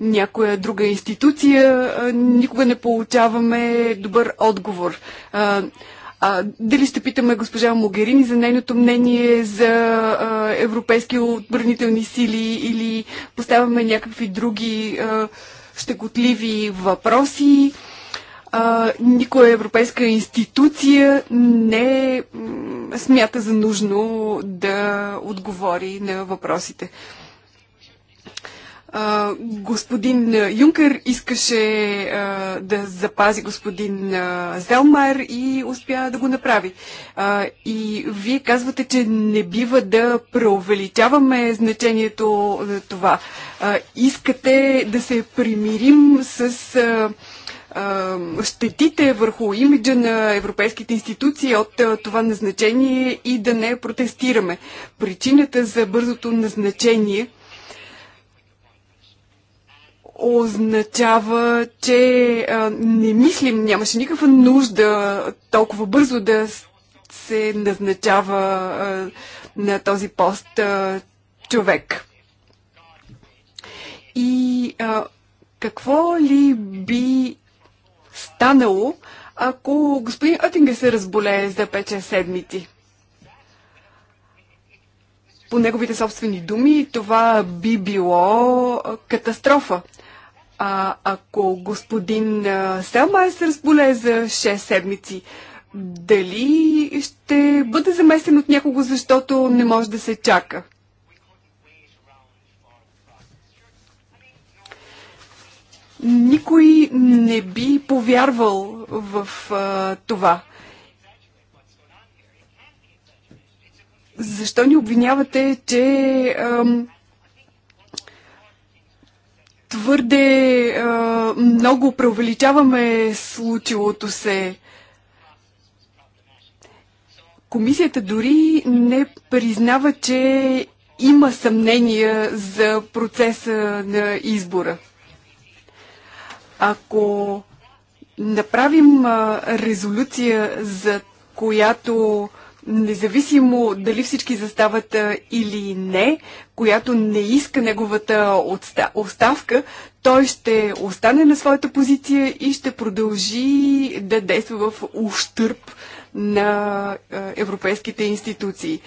някоя друга институция, никога не получаваме добър отговор. А, дали ще питаме госпожа Могерини за нейното мнение за а, европейски отбранителни сили или поставяме някакви други а, щекотливи въпроси? а, никоя европейска институция не смята за нужно да отговори на въпросите. А, господин Юнкер искаше а, да запази господин а, Зелмайер и успя да го направи. А, и вие казвате, че не бива да преувеличаваме значението на това. А, искате да се примирим с. А, щетите върху имиджа на европейските институции от това назначение и да не протестираме. Причината за бързото назначение означава, че не мислим, нямаше никаква нужда толкова бързо да се назначава на този пост човек. И а, какво ли би станало, ако господин Атингер се разболее за 5-6 седмици. По неговите собствени думи, това би било катастрофа. А ако господин Селмай се разболее за 6 седмици, дали ще бъде заместен от някого, защото не може да се чака? Никой не би повярвал в а, това. Защо ни обвинявате, че а, твърде а, много преувеличаваме случилото се? Комисията дори не признава, че има съмнения за процеса на избора. Ако направим а, резолюция, за която независимо дали всички застават а, или не, която не иска неговата оставка, той ще остане на своята позиция и ще продължи да действа в ущърп на европейските институции.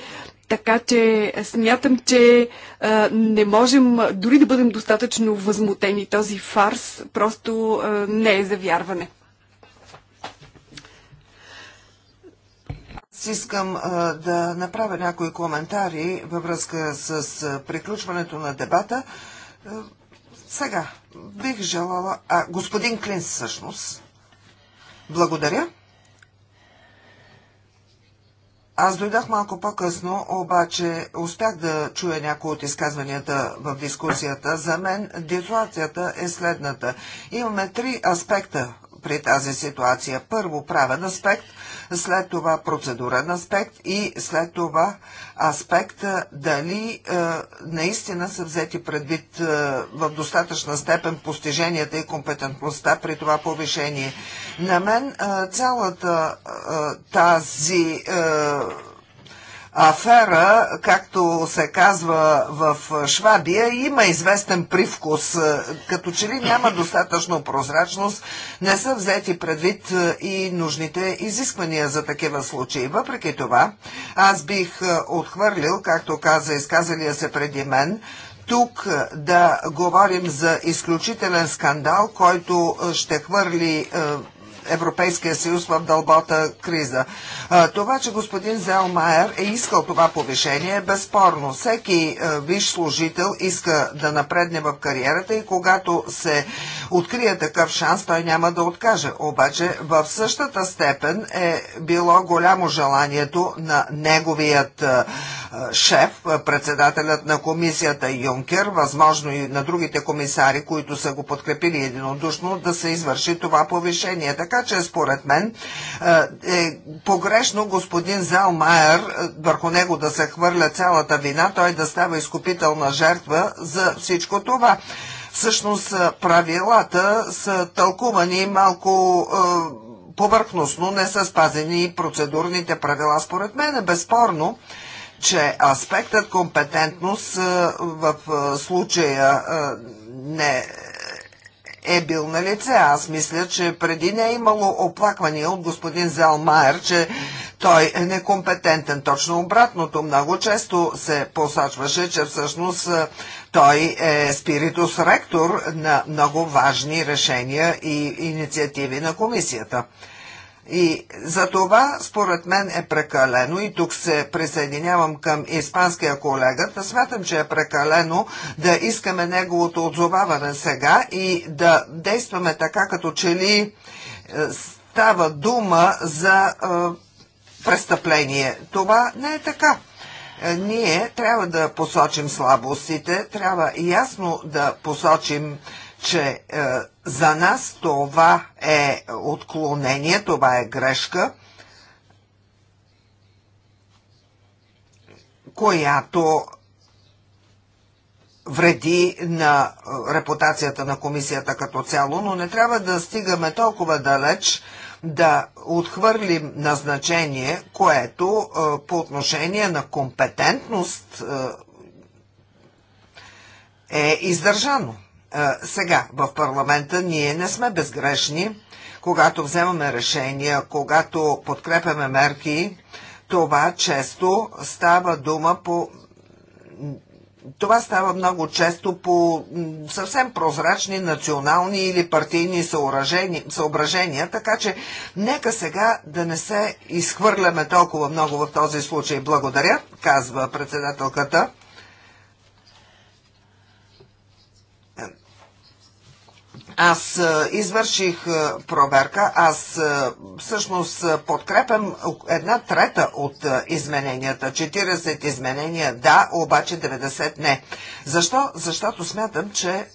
Така че смятам, че а, не можем дори да бъдем достатъчно възмутени. Този фарс просто а, не е за вярване. Аз искам а, да направя някои коментари във връзка с а, приключването на дебата. А, сега бих желала. А, господин Клинс, всъщност. Благодаря. Аз дойдах малко по-късно, обаче успях да чуя някои от изказванията в дискусията. За мен дефлацията е следната. Имаме три аспекта при тази ситуация. Първо правен аспект, след това процедурен аспект и след това аспекта дали е, наистина са взети предвид е, в достатъчна степен постиженията и компетентността при това повишение. На мен е, цялата е, тази е, афера, както се казва в Швабия, има известен привкус. Като че ли няма достатъчно прозрачност, не са взети предвид е, и нужните изисквания за такива случаи. Въпреки това, аз бих е, отхвърлил, както каза изказалия се преди мен, тук е, да говорим за изключителен скандал, който ще хвърли Европейския съюз в дълбота криза. Това, че господин Зелмайер е искал това повишение е безспорно. Всеки виш служител иска да напредне в кариерата и когато се открие такъв шанс, той няма да откаже. Обаче в същата степен е било голямо желанието на неговият шеф, председателят на комисията Юнкер, възможно и на другите комисари, които са го подкрепили единодушно, да се извърши това повишение. Така така че според мен е, е погрешно господин Залмайер е, върху него да се хвърля цялата вина, той да става изкупителна жертва за всичко това. Всъщност е, правилата са тълкувани малко е, повърхностно, не са спазени процедурните правила. Според мен е безспорно, че аспектът компетентност в случая не е бил на лице. Аз мисля, че преди не е имало оплаквания от господин Зелмайер, че той е некомпетентен. Точно обратното. Много често се посачваше, че всъщност е, той е спиритус ректор на много важни решения и инициативи на комисията. И за това, според мен, е прекалено, и тук се присъединявам към испанския колега, да смятам, че е прекалено да искаме неговото отзоваване сега и да действаме така, като че ли е, става дума за е, престъпление. Това не е така е, ние трябва да посочим слабостите, трябва ясно да посочим че е, за нас това е отклонение, това е грешка, която вреди на репутацията на комисията като цяло, но не трябва да стигаме толкова далеч да отхвърлим назначение, което е, по отношение на компетентност е, е издържано. Е, сега в парламента ние не сме безгрешни, когато вземаме решения, когато подкрепяме мерки, това често става дума по това става много често по съвсем прозрачни национални или партийни съображения, така че нека сега да не се изхвърляме толкова много в този случай. Благодаря, казва председателката. Аз е, извърших е, проверка. Аз е, всъщност подкрепям една трета от измененията. 40 изменения да, обаче 90 не. Защо? Защото смятам, че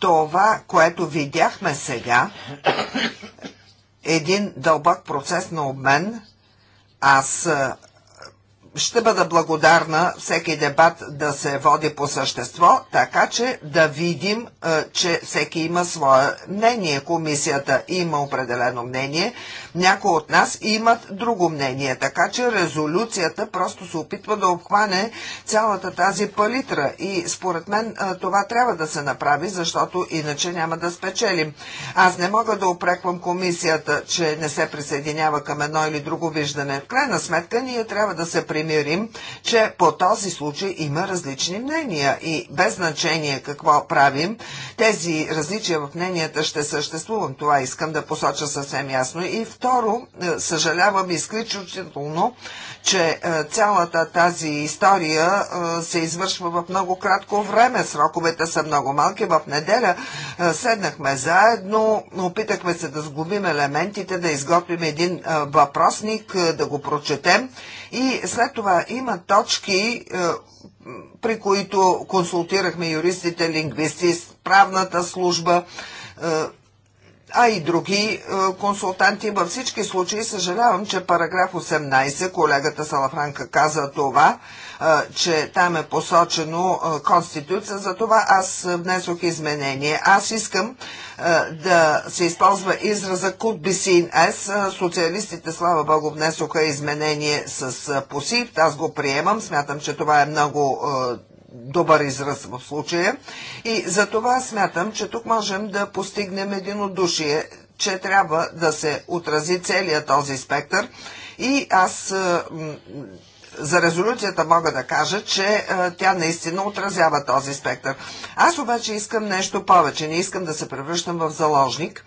това, което видяхме сега, един дълбок процес на обмен, аз ще бъда благодарна всеки дебат да се води по същество, така че да видим, е, че всеки има свое мнение. Комисията има определено мнение, някои от нас имат друго мнение, така че резолюцията просто се опитва да обхване цялата тази палитра и според мен е, това трябва да се направи, защото иначе няма да спечелим. Аз не мога да опреквам комисията, че не се присъединява към едно или друго виждане. В крайна сметка ние трябва да се приемем примирим, че по този случай има различни мнения и без значение какво правим, тези различия в мненията ще съществувам. Това искам да посоча съвсем ясно. И второ, е, съжалявам изключително, че е, цялата тази история е, се извършва в много кратко време. Сроковете са много малки. В неделя седнахме заедно, опитахме се да сгубим елементите, да изготвим един въпросник, да го прочетем и след това има точки, е, при които консултирахме юристите, лингвисти, правната служба, е, а и други е, консултанти. Във всички случаи съжалявам, че параграф 18, колегата Салафранка каза това, е, че там е посочено е, Конституция, За това аз внесох изменение. Аз искам да се използва израза could be Ес. Социалистите, слава богу, внесоха изменение с посив. Аз го приемам. Смятам, че това е много добър израз в случая. И за това смятам, че тук можем да постигнем единодушие, че трябва да се отрази целият този спектър. И аз е, за резолюцията мога да кажа, че е, тя наистина отразява този спектър. Аз обаче искам нещо повече. Не искам да се превръщам в заложник.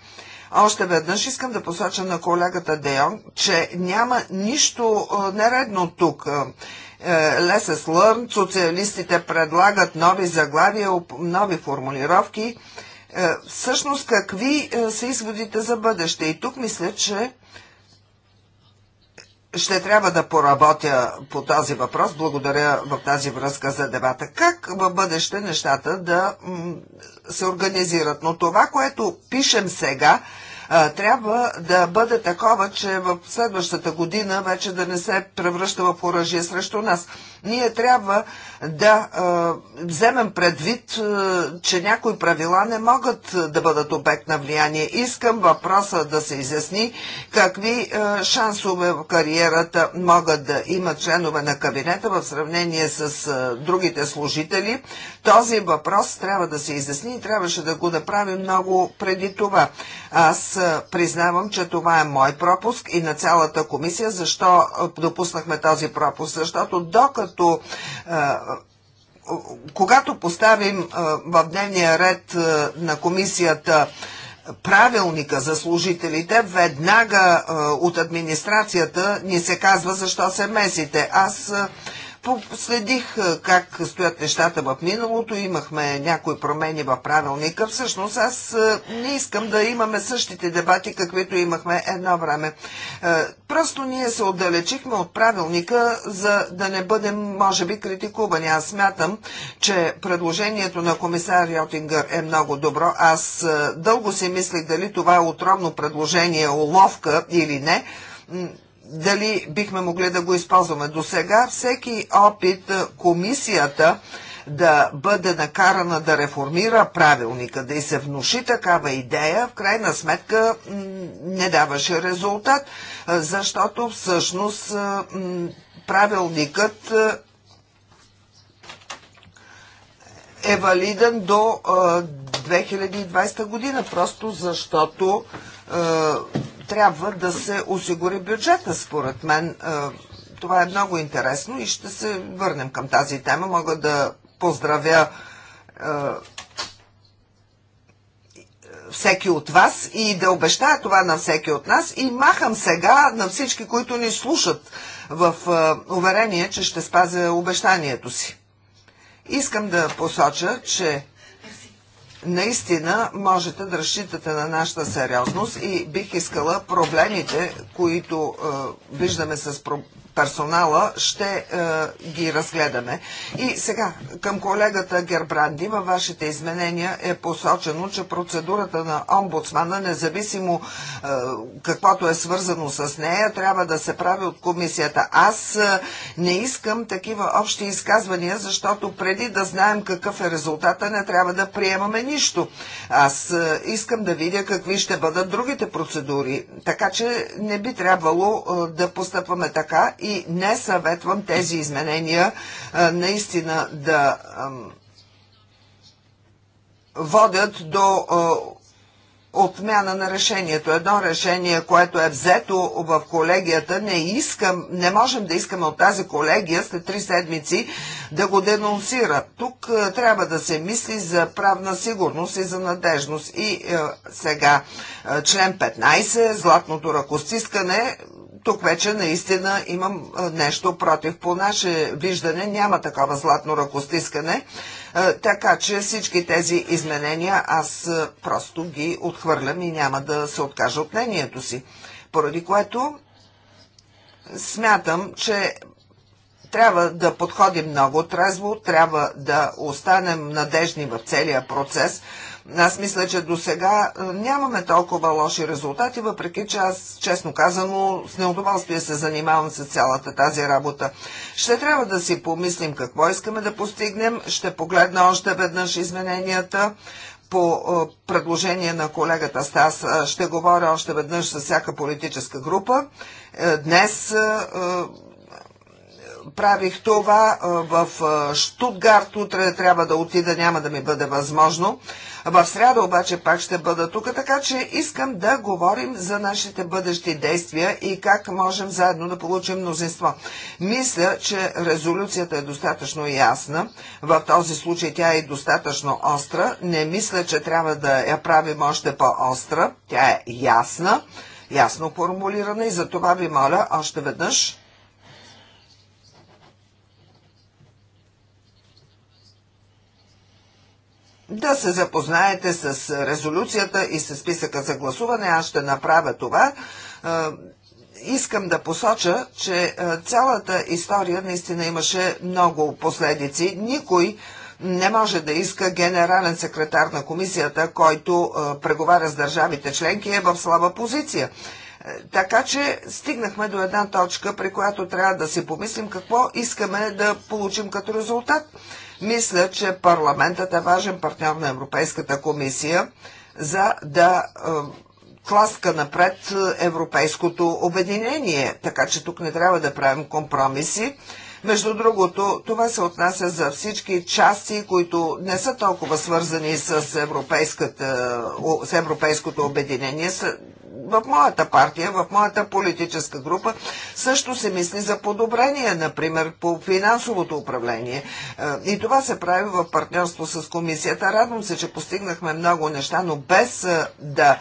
Още веднъж искам да посоча на колегата Деон, че няма нищо е, нередно тук. Е, Лесес Лърн, социалистите предлагат нови заглавия, нови формулировки. Е, всъщност, какви е, са изводите за бъдеще? И тук мисля, че ще трябва да поработя по този въпрос. Благодаря в тази връзка за дебата. Как в бъдеще нещата да се организират? Но това, което пишем сега, трябва да бъде такова, че в следващата година вече да не се превръща в оръжие срещу нас. Ние трябва да вземем предвид, че някои правила не могат да бъдат обект на влияние. Искам въпроса да се изясни какви шансове в кариерата могат да имат членове на кабинета в сравнение с другите служители. Този въпрос трябва да се изясни и трябваше да го направим много преди това. Аз аз признавам, че това е мой пропуск и на цялата комисия. Защо допуснахме този пропуск? Защото докато когато поставим в дневния ред на комисията правилника за служителите, веднага от администрацията ни се казва защо се месите. Аз Последих как стоят нещата в миналото, имахме някои промени в правилника. Всъщност аз не искам да имаме същите дебати, каквито имахме едно време. Просто ние се отдалечихме от правилника, за да не бъдем, може би, критикувани. Аз смятам, че предложението на комисар Йотингър е много добро. Аз дълго си мислих дали това е отровно предложение, уловка или не дали бихме могли да го използваме. До сега всеки опит е, комисията да бъде накарана да реформира правилника, да и се внуши такава идея, в крайна сметка не даваше резултат, е, защото всъщност е, правилникът е валиден до 2020 година, просто защото трябва да се осигури бюджета, според мен. Е, това е много интересно и ще се върнем към тази тема. Мога да поздравя е, всеки от вас и да обещая това на всеки от нас и махам сега на всички, които ни слушат в е, уверение, че ще спазя обещанието си. Искам да посоча, че наистина можете да разчитате на нашата сериозност и бих искала проблемите, които е, виждаме с персонала, ще е, ги разгледаме. И сега, към колегата Гербранди, във вашите изменения е посочено, че процедурата на омбудсмана, независимо е, каквото е свързано с нея, трябва да се прави от комисията. Аз е, не искам такива общи изказвания, защото преди да знаем какъв е резултата, не трябва да приемаме нищо. Аз е, искам да видя какви ще бъдат другите процедури. Така че не би трябвало е, да постъпваме така и не съветвам тези изменения наистина да водят до отмяна на решението. Едно решение, което е взето в колегията, не, искам, не можем да искаме от тази колегия след три седмици да го денонсира. Тук трябва да се мисли за правна сигурност и за надежност. И е, сега член 15, златното ръкостискане, тук вече наистина имам нещо против. По наше виждане няма такова златно ръкостискане, така че всички тези изменения аз просто ги отхвърлям и няма да се откажа от мнението си. Поради което смятам, че трябва да подходим много трезво, трябва да останем надежни в целия процес, аз мисля, че до сега е, нямаме толкова лоши резултати, въпреки че аз, честно казано, с неудоволствие се занимавам с цялата тази работа. Ще трябва да си помислим какво искаме да постигнем. Ще погледна още веднъж измененията по е, предложение на колегата Стас е, ще говоря още веднъж с всяка политическа група. Днес правих това в Штутгарт. Утре трябва да отида, няма да ми бъде възможно. В среда обаче пак ще бъда тук, така че искам да говорим за нашите бъдещи действия и как можем заедно да получим мнозинство. Мисля, че резолюцията е достатъчно ясна. В този случай тя е достатъчно остра. Не мисля, че трябва да я правим още по-остра. Тя е ясна, ясно формулирана и за това ви моля още веднъж да се запознаете с резолюцията и с списъка за гласуване. Аз ще направя това. Искам да посоча, че цялата история наистина имаше много последици. Никой не може да иска генерален секретар на комисията, който преговаря с държавите членки, е в слаба позиция. Така че стигнахме до една точка, при която трябва да си помислим какво искаме да получим като резултат. Мисля, че парламентът е важен партньор на Европейската комисия, за да е, тласка напред европейското обединение, така че тук не трябва да правим компромиси. Между другото, това се отнася за всички части, които не са толкова свързани с, с европейското обединение, в моята партия, в моята политическа група също се мисли за подобрение, например по финансовото управление. Е, и това се прави в партньорство с комисията. Радвам се, че постигнахме много неща, но без е, да е,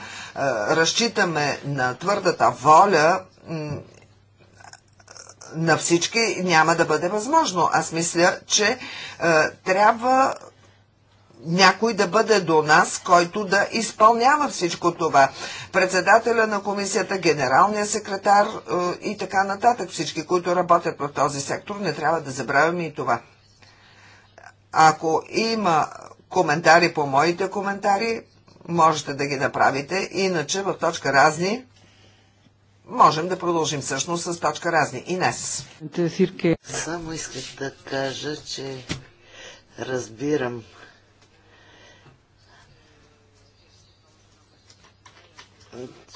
разчитаме на твърдата воля на всички няма да бъде възможно. Аз мисля, че трябва някой да бъде до нас, който да изпълнява всичко това. Председателя на комисията, генералния секретар е, и така нататък. Всички, които работят в този сектор, не трябва да забравяме и това. Ако има коментари по моите коментари, можете да ги направите. Иначе в точка разни можем да продължим всъщност с точка разни. Инес. Само исках да кажа, че разбирам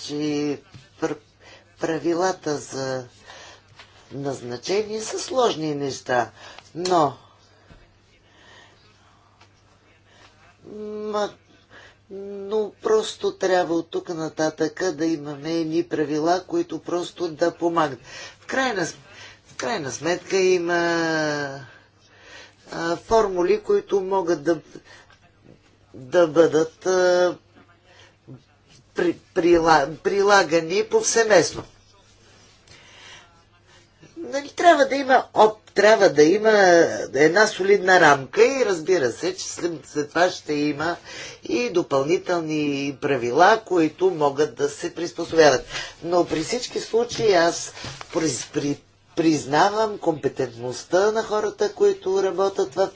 че правилата за назначение са сложни неща, но Ма, но просто трябва от тук нататъка да имаме едни правила, които просто да помагат. В крайна, в крайна сметка има а, формули, които могат да, да бъдат а, прилагани повсеместно. Нали, трябва да има от, трябва да има една солидна рамка и разбира се, че след, след това ще има и допълнителни правила, които могат да се приспособяват. Но при всички случаи аз при, при, признавам компетентността на хората, които работят в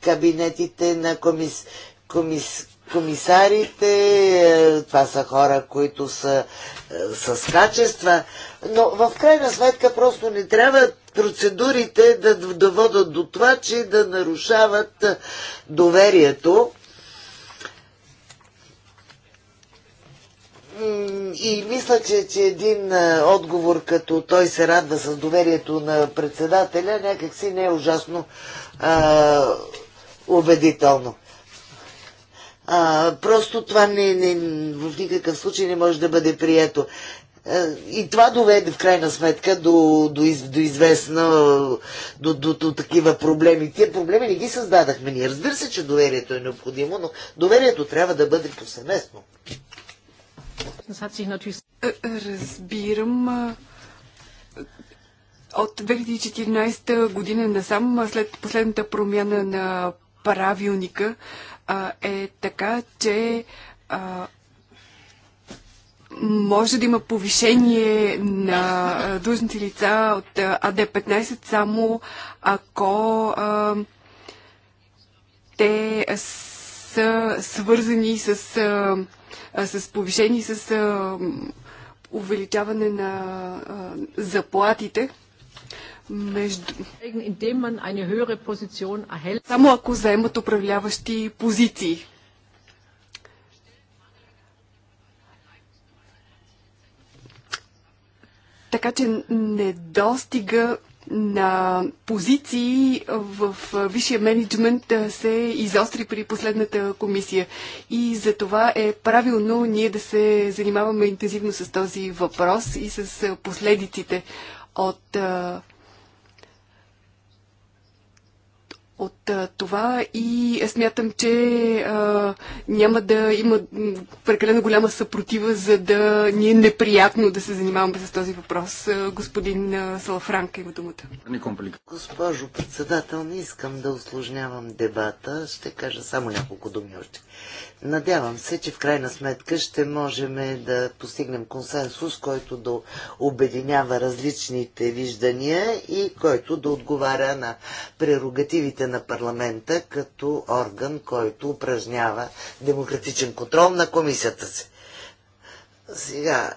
кабинетите на комис, комис, комисарите, е, това са хора, които са е, с качества, но в крайна сметка просто не трябва процедурите да доводят до това, че да нарушават доверието. И мисля, че, че един е, отговор, като той се радва с доверието на председателя, някакси не е ужасно а, убедително. А, просто това не, не, в никакъв случай не може да бъде прието. и това доведе в крайна сметка до, до, из, до известна, до, до, до такива проблеми. Тия проблеми не ги създадахме ние. Разбира се, че доверието е необходимо, но доверието трябва да бъде повсеместно. Разбирам. От 2014 година насам, след последната промяна на правилника, е така, че може да има повишение на длъжните лица от АД-15 само ако а, те са свързани с, а, с повишение, с а, увеличаване на а, заплатите. Само ако заемат управляващи позиции. Така че недостига на позиции в висшия менеджмент се изостри при последната комисия. И за това е правилно ние да се занимаваме интензивно с този въпрос и с последиците от от а, това и смятам, че а, няма да има прекалено голяма съпротива, за да ни е неприятно да се занимаваме с този въпрос. А, господин а, Салафранка има думата. Госпожо председател, не искам да осложнявам дебата. Ще кажа само няколко думи още. Надявам се, че в крайна сметка ще можем да постигнем консенсус, който да обединява различните виждания и който да отговаря на прерогативите на парламента като орган, който упражнява демократичен контрол на комисията си. Сега,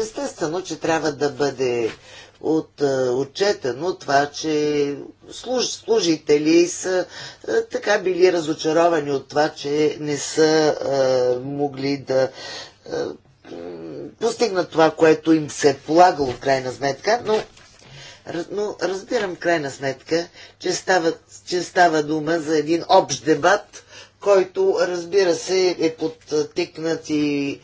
естествено, че трябва да бъде от, е, отчетено това, че служ, служители са е, така били разочаровани от това, че не са а, е, могли да а, постигнат това, което им се полагало в крайна сметка, но но разбирам крайна сметка, че става, че става дума за един общ дебат, който разбира се е подтикнат и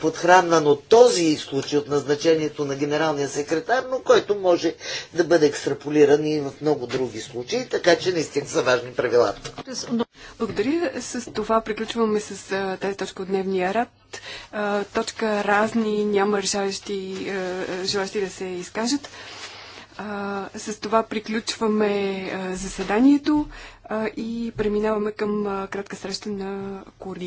подхранван от този случай от назначението на генералния секретар, но който може да бъде екстраполиран и в много други случаи, така че наистина са важни правилата. Благодаря. С това приключваме с тази точка от дневния рад. Точка разни, няма решаващи, желащи да се изкажат. с това приключваме заседанието и преминаваме към кратка среща на координатори.